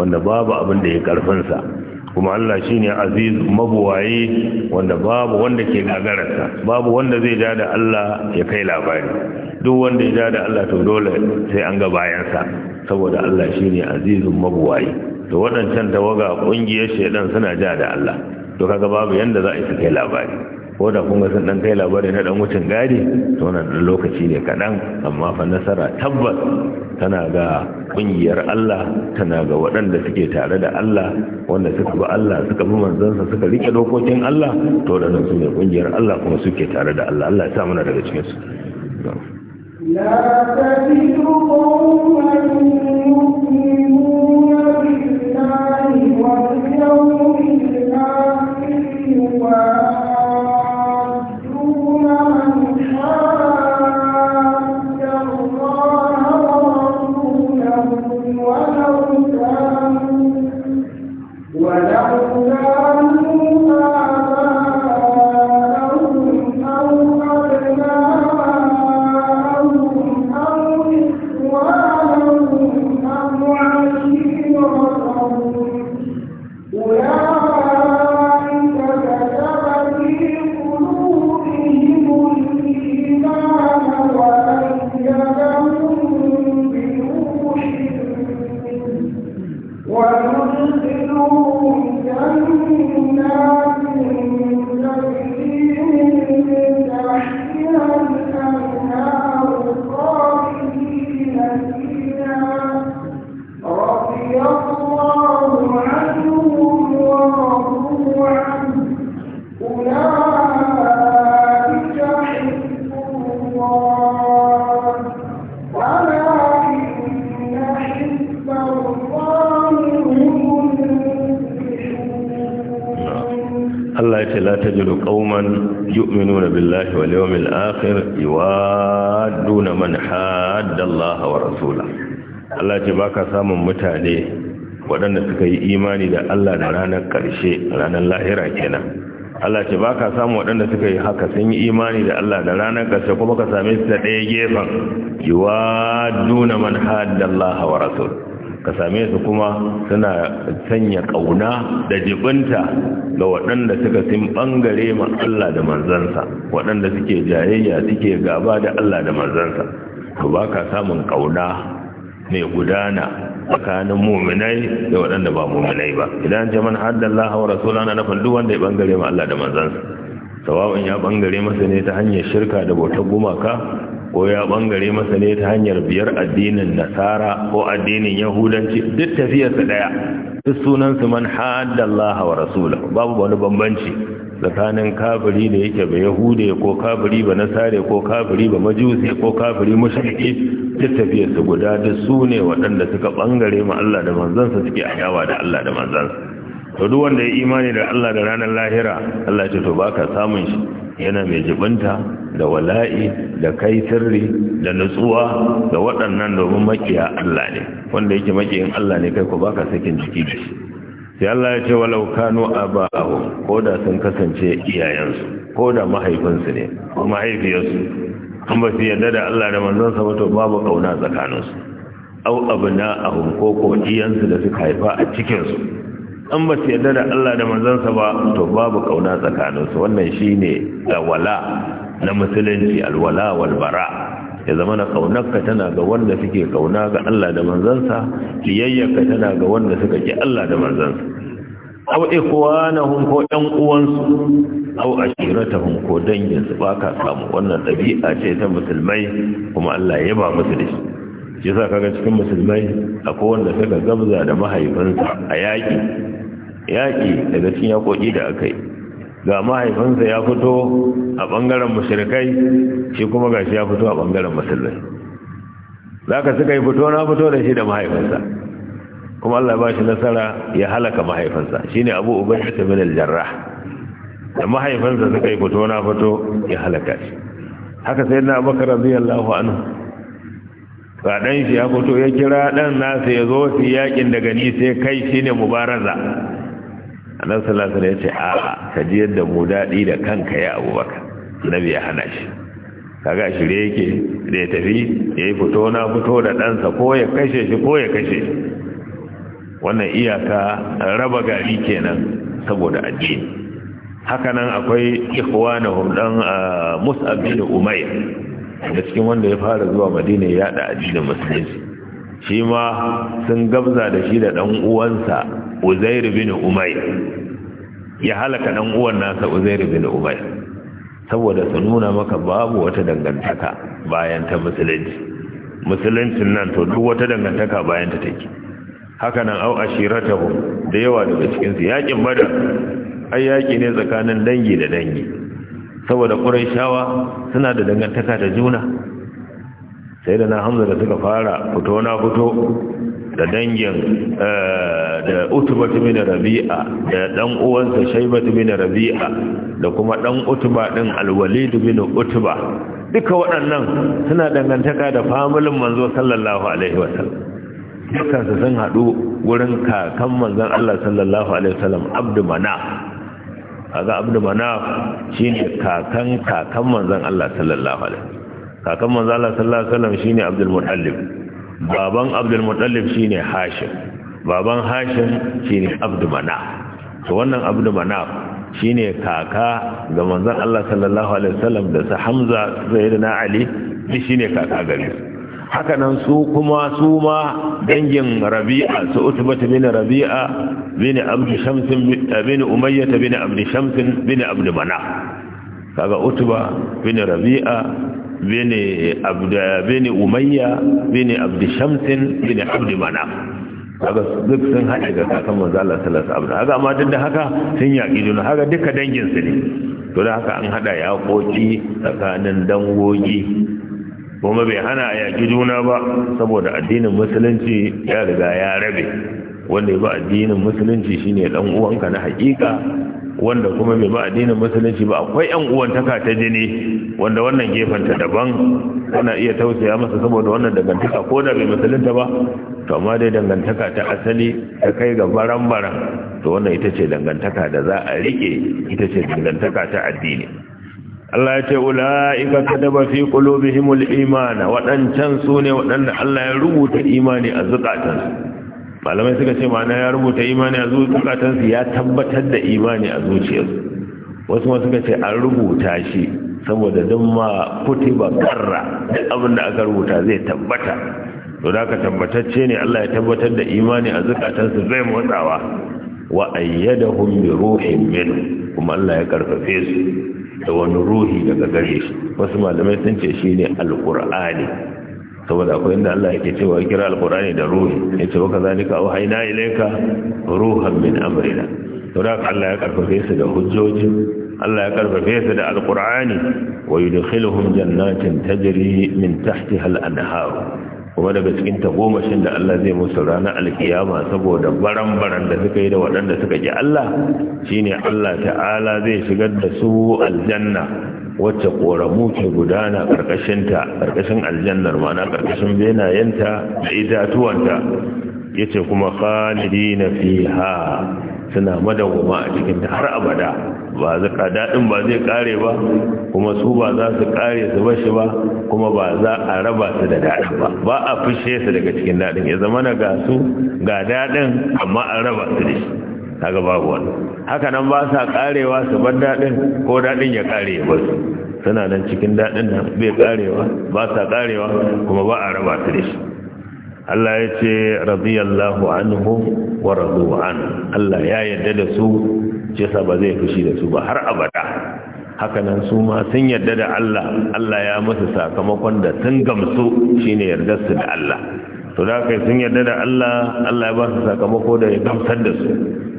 wanda babu abin da ya karfinsa kuma Allah shi ne aziz mabuwaye wanda babu wanda ke gagararsa babu wanda zai ja da Allah ya kai labari duk wanda ya ja da Allah to dole sai an ga bayansa saboda Allah shi ne azizun mabuwaye to waɗancan tawaga ƙungiyar shaidan suna ja da Allah to kaga babu yanda za a yi kai labari ko da ga sun dan kai labari na dan wucin gadi to nan da lokaci ne kaɗan amma fa nasara tabbas tana ga ƙungiyar Allah tana ga waɗanda suke tare da Allah wanda suka bi Allah suka bi manzansa suka rike dokokin Allah to da nan su kungiyar ƙungiyar Allah kuma suke tare da Allah Allah ya sa muna daga cikin su لا تجد قوما يؤمنون Yeah. قوما يؤمنون بالله واليوم الآخر يوادون من حاد الله ورسوله الله تبارك samun mutane waɗanda suka yi imani da Allah da ranar ƙarshe ranar lahira kenan Allah ce ba ka samu waɗanda suka yi haka sun yi imani da Allah da ranar ƙarshe kuma ka same su da ɗaya gefen yiwa duna man Allah wa rasul ka same su kuma suna sanya ƙauna da jibinta ga waɗanda suka sin ɓangare ma Allah da manzansa waɗanda suke jayayya suke gaba da Allah da manzansa to ba ka samun ƙauna mai gudana tsakanin muminai da waɗanda ba muminai ba idan jaman haddan Allah wa na duk wanda ya ɓangare ma Allah da manzansa sawa'un ya ɓangare masa ne ta hanyar shirka da bautar gumaka ko ya bangare masa ne ta hanyar biyar addinin nasara ko addinin yahudanci duk tafiyarsa daya duk sunansu man haddallaha wa Rasuluhu babu wani bambanci tsakanin kafiri da yake ba yahude ko kafiri ba nasare ko kafiri ba majusi ko kafiri mushriki duk su guda duk su ne waɗanda suka bangare ma Allah da manzansa suke ayawa da Allah da manzansa to duk wanda ya imani da Allah da ranar lahira Allah ce to baka samun shi yana mai jibinta da wala'i da kai sirri da nutsuwa da waɗannan domin makiya Allah ne wanda yake makiyin Allah ne kai ko baka sakin jiki da shi sai Allah ya ce walau kanu abahu ko da sun kasance iyayensu ko da mahaifinsu ne ko mahaifiyarsu an ba su yarda da Allah da manzon sa to babu kauna tsakaninsu au abna'ahum ko ko iyansu da suka haifa a cikinsu an ba su yarda da Allah da manzansa ba to babu kauna tsakaninsu wannan shine wala na musulunci alwala wal bara ya zama na kaunarka tana ga wanda suke kauna ga Allah da manzansa kiyayyarka tana ga wanda suka ki Allah da manzansa aw ikwanahum ko ɗan uwansu aw ashiratahum ko danginsu baka samu wannan ɗabi'a ce ta musulmai kuma Allah ya ba musu shi sa kaga cikin musulmai akwai wanda suka gabza da mahaifinsa a yaƙi yaƙi daga cikin yaƙoƙi da aka yi ga mahaifinsa ya fito a ɓangaren mashirikai, shi kuma ga shi ya fito a ɓangaren musulmai za ka suka yi fito na fito da shi da mahaifinsa kuma Allah ba shi nasara ya halaka mahaifinsa shi ne abu shi ta minal jarra da mahaifinsa suka yi fito na fito ya halaka shi haka sai na abakar radiyallahu anhu ba ɗan shi ya fito ya kira ɗan nasa ya zo su yakin daga ni sai kai shi ne mubaraza annan salasa ya ce a'a ka ji yadda mu daɗi da kanka ya abubakar nabi ya hana shi kaga shirye yake da ya tafi ya yi fito na fito da ɗansa ko ya kashe shi ko ya kashe wannan iyaka raba gari kenan saboda addini hakanan akwai ikhwanahum dan ah, mus'ab bin umayr da cikin wanda ya fara zuwa madina ya yada addinin musulunci shi ma sun gabza da shi da ɗan uwansa uzair bin umay ya halaka ɗan uwan nasa uzair bin umay saboda su nuna maka babu wata dangantaka bayan ta musulunci musuluncin nan to duk wata dangantaka bayan ta take haka nan au ashiratahu da yawa daga cikin su yakin ai yaƙi ne tsakanin dangi da dangi saboda ƙuraishawa suna da dangantaka da juna sai da na hamza da suka fara fito na fito da dangin eh, da utuba bin rabi'a da dan uwansa shaiba bin rabi'a da kuma dan utuba din alwalid bin utuba duka waɗannan suna dangantaka da familin manzo sallallahu alaihi wasallam dukkan sun haɗu wurin kakan manzon Allah sallallahu alaihi wasallam abdu mana kaga abdu manaf shine kakan kakan manzon Allah sallallahu alaihi kakan manzon Allah sallallahu alaihi wasallam shine abdul muttalib baban abdul muttalib shine hashim baban hashim shine abdu manaf to wannan abdu manaf shine kaka ga manzon Allah sallallahu alaihi wasallam da sa Hamza na Ali shine kaka gare su hakanan su kuma su ma dangin rabi'a su utubata bin rabi'a bin abdu shamsin bin umayyata bin abdu shamsin bin abdu mana kaga utuba bin rabi'a bin abdu bin umayya bin abdu shamsin bin abdu mana kaga duk sun haɗe ga kakan manzo Allah sallallahu alaihi wasallam kaga amma duk da haka sun yaƙi juna haka duka dangin su ne to da haka an hada yaƙoƙi tsakanin dangogi kuma bai hana a yaƙi juna ba saboda addinin musulunci ya riga ya rabe wanda ya ba addinin musulunci shine dan uwanka na haƙiƙa wanda kuma bai ba addinin musulunci ba akwai yan uwantaka ta jini wanda wannan gefen ta daban kana iya tausaya masa saboda wannan dangantaka ko da bai musulunta ba to amma dai dangantaka ta asali ta kai ga baran-baran to wannan ita ce dangantaka da za a rike ita ce dangantaka ta addini Allah ya ce ula'ika kadaba fi qulubihimul imana waɗancan su ne waɗanda Allah ya rubuta imani a zukatansu malamai suka ce ma'ana ya rubuta imani a zukatansu ya tabbatar da imani a zuciyarsu wasu ma suka ce an rubuta shi saboda duk ma kutiba karra duk abin da aka rubuta zai tabbata to da ka tabbatacce ne Allah ya tabbatar da imani a zukatansu zai motsawa wa ayyadahum bi ruhin min kuma Allah ya karfafe su da wani ruhi daga gare shi wasu malamai sun ce shi ne alƙur'ani saboda akwai inda Allah yake cewa kira alkur'ani da ruhi ya ce waka zalika au haina ilaika ruhan min amrina to da Allah ya karfafe su da hujjoji Allah ya karfafe su da alkur'ani wa yudkhiluhum jannatin tajri min tahtiha al-anhar kuma daga cikin tagomashin da Allah zai musu ranar alkiyama saboda baran-baran da suka yi da waɗanda suka ji Allah shine Allah ta'ala zai shigar da su aljanna wacce ƙoramu ke gudana ƙarƙashinta ƙarƙashin aljannar mana ƙarƙashin benayenta da itatuwanta yace kuma khalidina fiha suna madawwama a cikin ta har abada ba zaka dadin ba zai kare ba kuma su ba za su kare su bashi ba kuma ba za a raba su da dadin ba ba a fushe su daga cikin dadin ya zama na ga su ga dadin amma an raba su da shi kaga babu wani haka nan ba sa karewa su bar dadin ko dadin ya kare ba su suna nan cikin dadin nan bai karewa ba sa karewa kuma ba a raba su da shi Allah ya ce radiyallahu anhu wa radu an Allah ya yadda da su ce sa ba zai fushi da su ba har abada hakanan su ma sun yadda da Allah Allah ya musu sakamakon da sun gamsu shine yardar su da Allah to da kai sun yadda da Allah Allah ya ba su sakamako da ya gamsar da su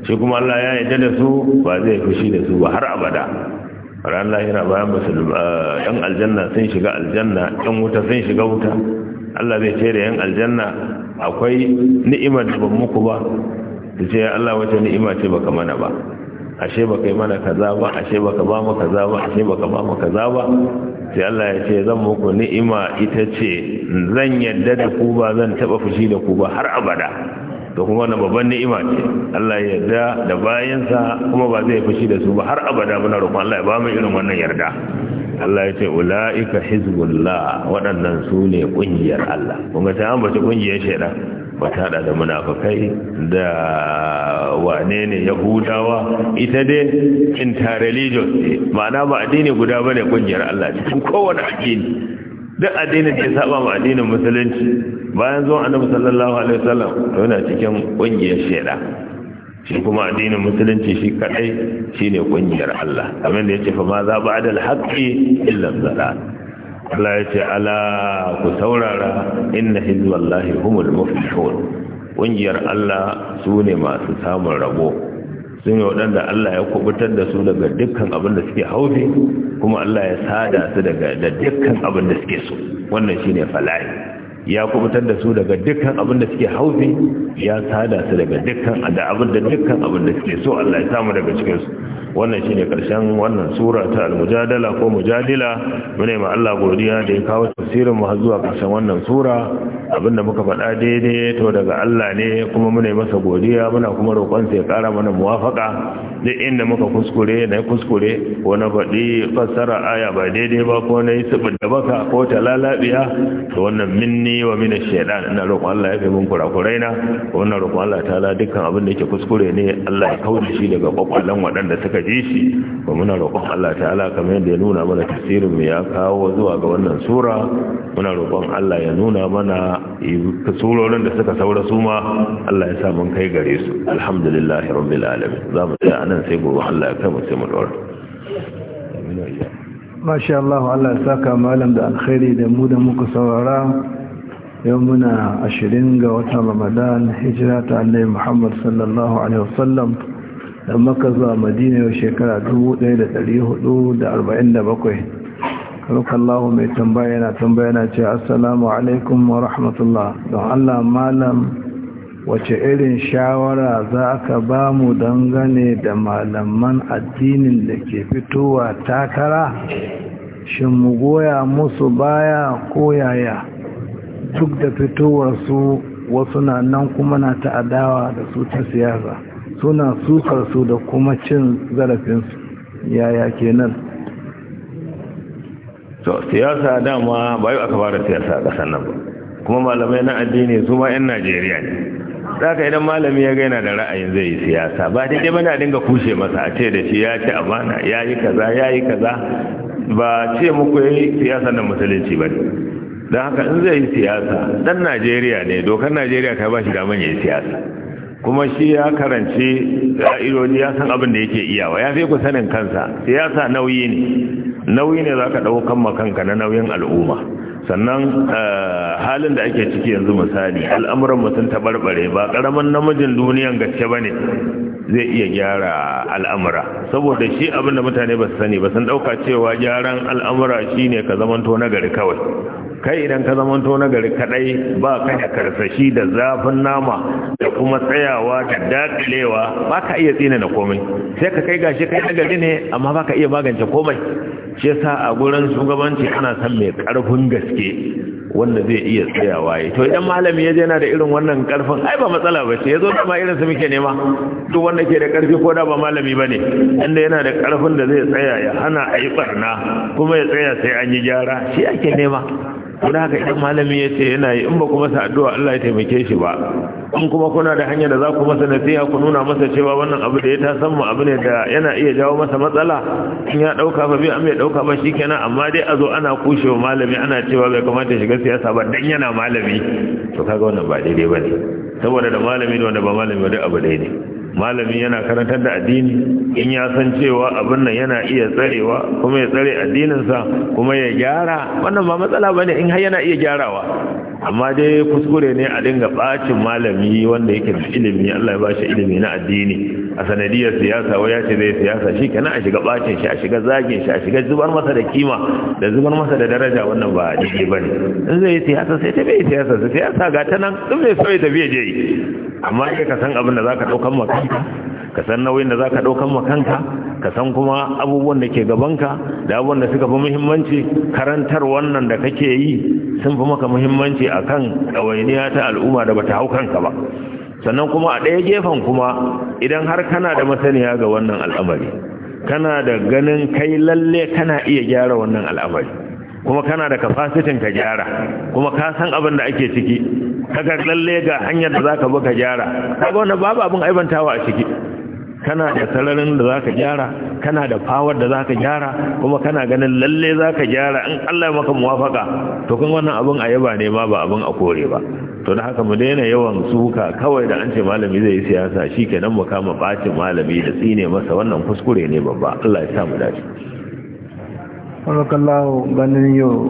shi kuma Allah ya yadda da su ba zai fushi da su ba har abada ran lahira bayan musulmi eh, yan aljanna sun shiga aljanna yan wuta sun shiga wuta Allah zai ce da yan aljanna akwai ni'imar da ban muku ba su ce Allah wace ni'ima ce baka mana ba ashe baka yi mana kaza ba ashe baka ba mu kaza ba ashe baka ba mu kaza ba sai Allah ya ce zan muku ni'ima ita ce zan yadda da ku ba zan taba fushi da ku ba har abada da kuma wannan babban ni'ima ce Allah ya yarda da bayansa kuma ba zai fushi da su ba har abada muna roƙon Allah ya ba mu irin wannan yarda Allah ya ce ulaika hizbullah waɗannan su ne kungiyar Allah kun ga ta kungiyar shaida ba ta da da munafikai da wane ne yahudawa ita dai inter religious ma'ana ba addini guda bane kungiyar Allah cikin kowane addini duk addinin da ya saba ma addinin musulunci bayan zuwan annabi sallallahu alaihi wasallam yana cikin kungiyar shaida. shi kuma addinin musulunci shi kadai shine kungiyar Allah kamar da yace fa ma za ba al-haqqi illa dhalal Allah yace ala ku saurara inna hizballahi humul muflihun kungiyar Allah sune masu samun rabo sun yi waɗanda Allah ya kubutar da su daga dukkan abin da suke haufi kuma Allah ya sada su daga da dukkan abin da suke so wannan shine fala'i ya kubutar da su daga dukkan abin da suke haufi ya sada su daga dukkan da abin da dukkan abin da suke so Allah ya samu daga cikinsu. wannan shi ne karshen wannan sura ta al-mujadala ko mujadila mune ma Allah godiya da ya kawo tafsirin mu har zuwa karshen wannan sura abinda muka faɗa daidai to daga Allah ne kuma mune masa godiya muna kuma roƙon sa ya ƙara mana muwafaka duk inda muka kuskure na kuskure ko na faɗi fassara aya ba daidai ba ko na yi subud da baka ko ta lalabiya to wannan minni wa min ash-shaytan ina roƙon Allah ya kai mun kurakurai na wannan roƙon Allah ta'ala dukkan abin da yake kuskure ne Allah ya kawo shi daga kwakwalan waɗanda suka gaje shi ba muna roƙon Allah ta'ala kamar yadda ya nuna mana tasirin mu ya kawo zuwa ga wannan sura muna roƙon Allah ya nuna mana surorin da suka saura su ma Allah ya sa mun kai gare su alhamdulillahi rabbil alamin za mu tsaya anan sai gobe Allah ya kai mu sai mu dora masha Allah Allah ya saka malam da alkhairi da mu da muka saurara yau muna ashirin ga watan ramadan hijira ta annabi muhammad sallallahu alaihi wasallam da maka zuwa madina yau shekara 1447 Karkallahu mai tambaya yana tambaya na ce assalamu alaikum wa rahmatullah don allah malam wace irin shawara za ka ba mu dangane da malaman addinin da ke fitowa takara shin mu goya musu baya ko yaya duk da fitowarsu wasu na nan kuma na ta'adawa da su ta siyasa suna sukar su da kuma cin zarafinsu yaya kenan so siyasa dama ba yi aka fara siyasa a ƙasar nan ba kuma malamai na addini su ma 'yan najeriya ne zaka idan malami ya gaina da ra'ayin zai yi siyasa ba daidai bane a dinga kushe masa a ce da shi ya ci amana ya yi kaza ya yi kaza ba ce muku ya yi siyasa na musulunci ba don haka in zai yi siyasa dan najeriya ne dokar najeriya ta ba shi daman ya yi siyasa kuma shi ya karanci ra'iroli ya san abin da yake iyawa ya fi ku sanin kansa siyasa nauyi ne nauyi ne za ka ɗaukan makanka na nauyin al'umma sannan eh, halin da ake ciki yanzu misali al'amuran mutum tabarbare ba ƙaramin namijin duniyan gaske ba ne zai iya gyara al'amura saboda shi abin da mutane ba su sani ba sun ɗauka cewa gyaran al'amura shine ka zamanto nagari kawai kai idan ka zamanto na gari kadai ba ka da karsashi da zafin nama da kuma tsayawa da dakilewa ba ka iya tsina na komai sai ka kai gashi kai na gari ne amma ba ka iya magance komai shi yasa a gurin shugabanci ana san mai karfin gaske wanda zai iya tsayawa yi, to idan malami ya je yana da irin wannan karfin ai ba matsala ba ce ya zo da ma irin su muke nema duk wanda ke da karfi ko da ba malami ba ne inda yana da karfin da zai tsaya ya hana ayi yi barna kuma ya tsaya sai an yi gyara shi ake nema don haka idan malami ya ce yana yi in ba ku masa addu'a Allah ya taimake shi ba in kuma kuna da hanyar da za ku masa nasiha ku nuna masa cewa wannan abu da ya ta san mu abu ne da yana iya jawo masa matsala in ya dauka ba bi an bai dauka ba shikenan amma dai a zo ana kushewa malami ana cewa bai kamata shiga siyasa ba dan yana malami to kaga wannan ba daidai bane saboda da malami da wanda ba malami ba duk abu daidai malami yana karantar da addini in ya san cewa abin nan yana iya tsarewa kuma ya tsare addininsa kuma ya gyara wannan ba matsala ba ne in har yana iya gyarawa amma dai kuskure ne a dinga bacin malami wanda yake da ilimi Allah ya bashi ilimi na addini a sanadiyar siyasa wai ya ce zai siyasa shi kana a shiga bacin shi a shiga zagin shi a shiga zubar masa da kima da zubar masa da daraja wannan ba daidai bane in zai yi siyasa sai ta bai siyasa sai siyasa ga ta nan in bai so tafiya ya je yi amma sai ka san abin da za ka ɗaukan ma kanka ka san nauyin da za ka ɗaukan ma kanka ka san kuma abubuwan da ke gabanka da abubuwan da suka fi muhimmanci karantar wannan da kake yi sun fi maka muhimmanci akan ɗawainiya ta al'umma da bata hau kanka ba sannan kuma a ɗaya gefen kuma idan har kana da masaniya ga wannan al'amari kana da ganin kai lalle kana iya gyara wannan al'amari kuma kana da kafasitin ka gyara kuma ka san abin da ake ciki kaga lalle ga hanyar da zaka bi ka gyara kaga wannan babu abin aibantawa a ciki kana da sararin da za ka gyara kana da fawar da za ka gyara kuma kana ganin lalle za ka gyara in Allah ya maka muwafaka to kun wannan abin a yaba ne ma ba abin a kore ba to da haka mu daina yawan suka kawai da an ce malami zai yi siyasa shi kenan mu kama bacin malami da tsine masa wannan kuskure ne babba Allah ya sa mu dace barakallahu ganin yau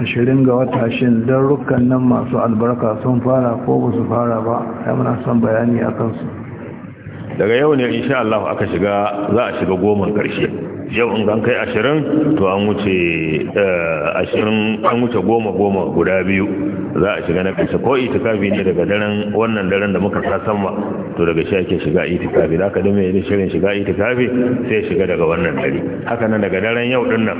ashirin ga wata shin darrukan nan masu albarka sun fara ko ba su fara ba ya muna son bayani a kansu daga yau ne insha Allah aka shiga za a shiga goma karshe yau in kan kai ashirin to an wuce eh, ashirin an wuce goma goma guda biyu za a shiga na karshe ko itikafi ne daga daren wannan daren da muka sasan ba to daga shi ake shiga itikafi da aka da mai shirin shiga itikafi sai shiga daga wannan dare haka nan daga daren yau din nan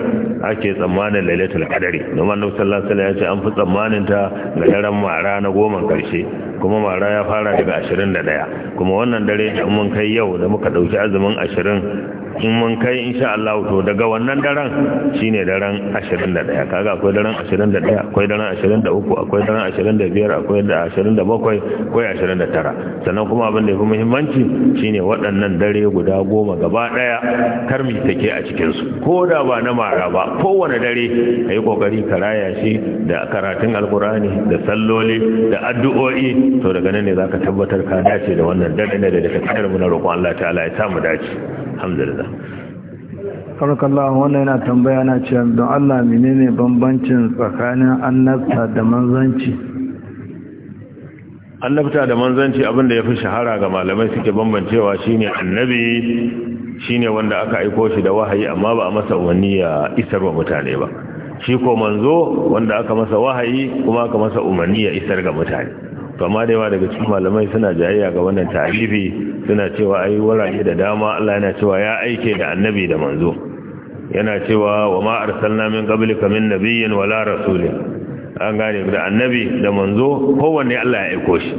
ake tsammanin lailatul qadari domin annabi sallallahu alaihi wasallam ya ce an fi tsammanin ta ga daren mara na goma karshe kuma mara ya fara daga ashirin da daya. kuma wannan dare da mun kai yau da muka ɗauki azumin ashirin in mun kai insha Allah to daga wannan daren shine daren ashirin da ɗaya kaga akwai daren ashirin da daya, akwai daren ashirin da uku akwai daren ashirin da biyar akwai da ashirin da bakwai akwai ashirin da tara sannan kuma abin da ya fi muhimmanci shine waɗannan dare guda goma gaba ɗaya kar mu take a cikinsu ko da ba na mara ba kowane dare a yi ƙoƙari ka raya shi da karatun alkurani da salloli da addu'o'i to daga nan ne zaka tabbatar ka dace da wannan dare ne da takardar mu na roƙon Allah ta'ala ya mu dace alhamdulillah Allah wannan yana tambaya na cewa don Allah menene bambancin tsakanin annabta da manzanci annabta da manzanci abinda ya fi shahara ga malamai suke bambancewa shine annabi shine wanda aka aiko shi da wahayi amma ba a masa umarni ya isar wa mutane ba shi ko manzo wanda aka masa wahayi kuma aka masa umarni ya isar ga mutane kama da yawa daga cikin malamai suna jayayya ga wannan tarihi suna cewa ai wurare da dama Allah yana cewa ya aike da annabi da manzo yana cewa wa ma arsalna min qablika min nabiyyin wala rasulin an gane da annabi da manzo kowanne Allah ya aiko shi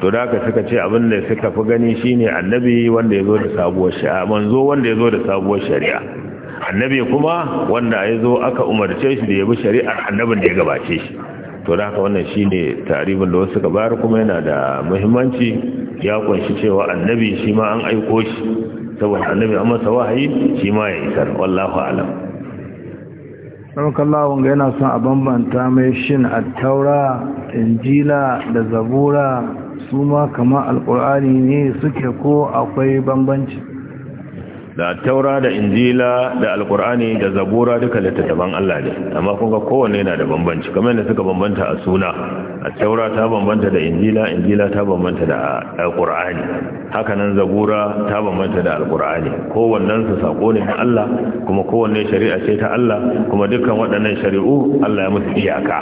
to da haka suka ce abin da suka fi gani shine annabi wanda yazo da sabuwar shari'a manzo wanda ya da sabuwar shari'a annabi kuma wanda ya zo aka umarce shi da ya bi shari'ar annabin da ya gabace shi to da haka wannan shine taribin da wasu suka kuma yana da muhimmanci ya kunshi cewa annabi shi ma an aiko shi saboda annabi an masa wahayi shi ma ya isar wallahu alam Allah wanga yana son a bambanta mai shin attaura injila da zabura su ma kama alkur'ani ne suke ko akwai bambanci da taura da injila da alkur'ani da zabura duka littattafan Allah ne amma kun ga kowanne yana da bambanci kamar yadda suka bambanta a suna a taura ta bambanta da injila injila ta bambanta da alkur'ani hakanan zabura ta bambanta da alkur'ani kowannen su sako ne na Allah kuma kowanne shari'a ce ta Allah kuma dukkan waɗannan shari'u Allah ya musu iyaka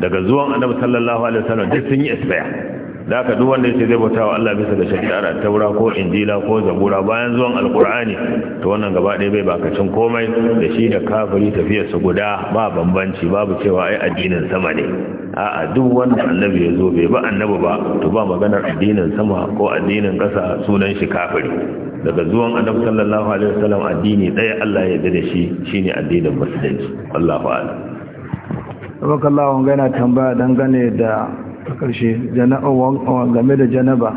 daga zuwan annabi sallallahu alaihi wasallam duk sun yi isbaya da ka duk wanda yace zai bauta wa Allah bisa ga shari'ar taura ko injila ko zabura bayan zuwan alkur'ani to wannan gaba ɗaya bai baka cin komai da shi da kafiri tafiyarsa guda ba bambanci babu cewa ai addinin sama ne a'a duk wanda annabi ya zo bai ba annabi ba to ba maganar addinin sama ko addinin ƙasa sunan shi kafiri daga zuwan annabi sallallahu alaihi wasallam addini ɗaya Allah ya yarda da shi shine addinin musulunci Allahu a'lam. Tabakallahu gana tambaya dangane da ta ƙarshe game da janaba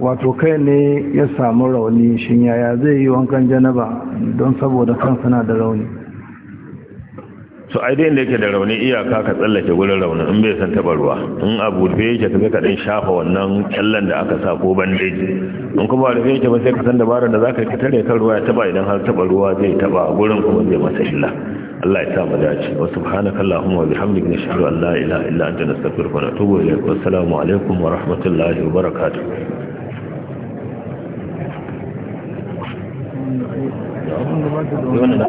wato kai ne ya samu rauni shin yaya zai yi wankan janaba don saboda kansa na da rauni su aidayin da yake da rauni iyaka ka tsallake wurin raunin in bai san taɓa ruwa in abu rufe yake ka zai kaɗin shafa wannan kyallon da aka sa ko bandeji in kuma rufe yake ba sai ka san dabarar da za ka tare kan ruwa ya taɓa idan har taɓa ruwa zai taba gurin kuma zai masa illa Allah ya sa mu dace wa subhanaka allahumma wa bihamdika nashhadu an la ilaha illa anta nastaghfiruka wa natubu ilayk wa assalamu alaikum wa rahmatullahi wa barakatuh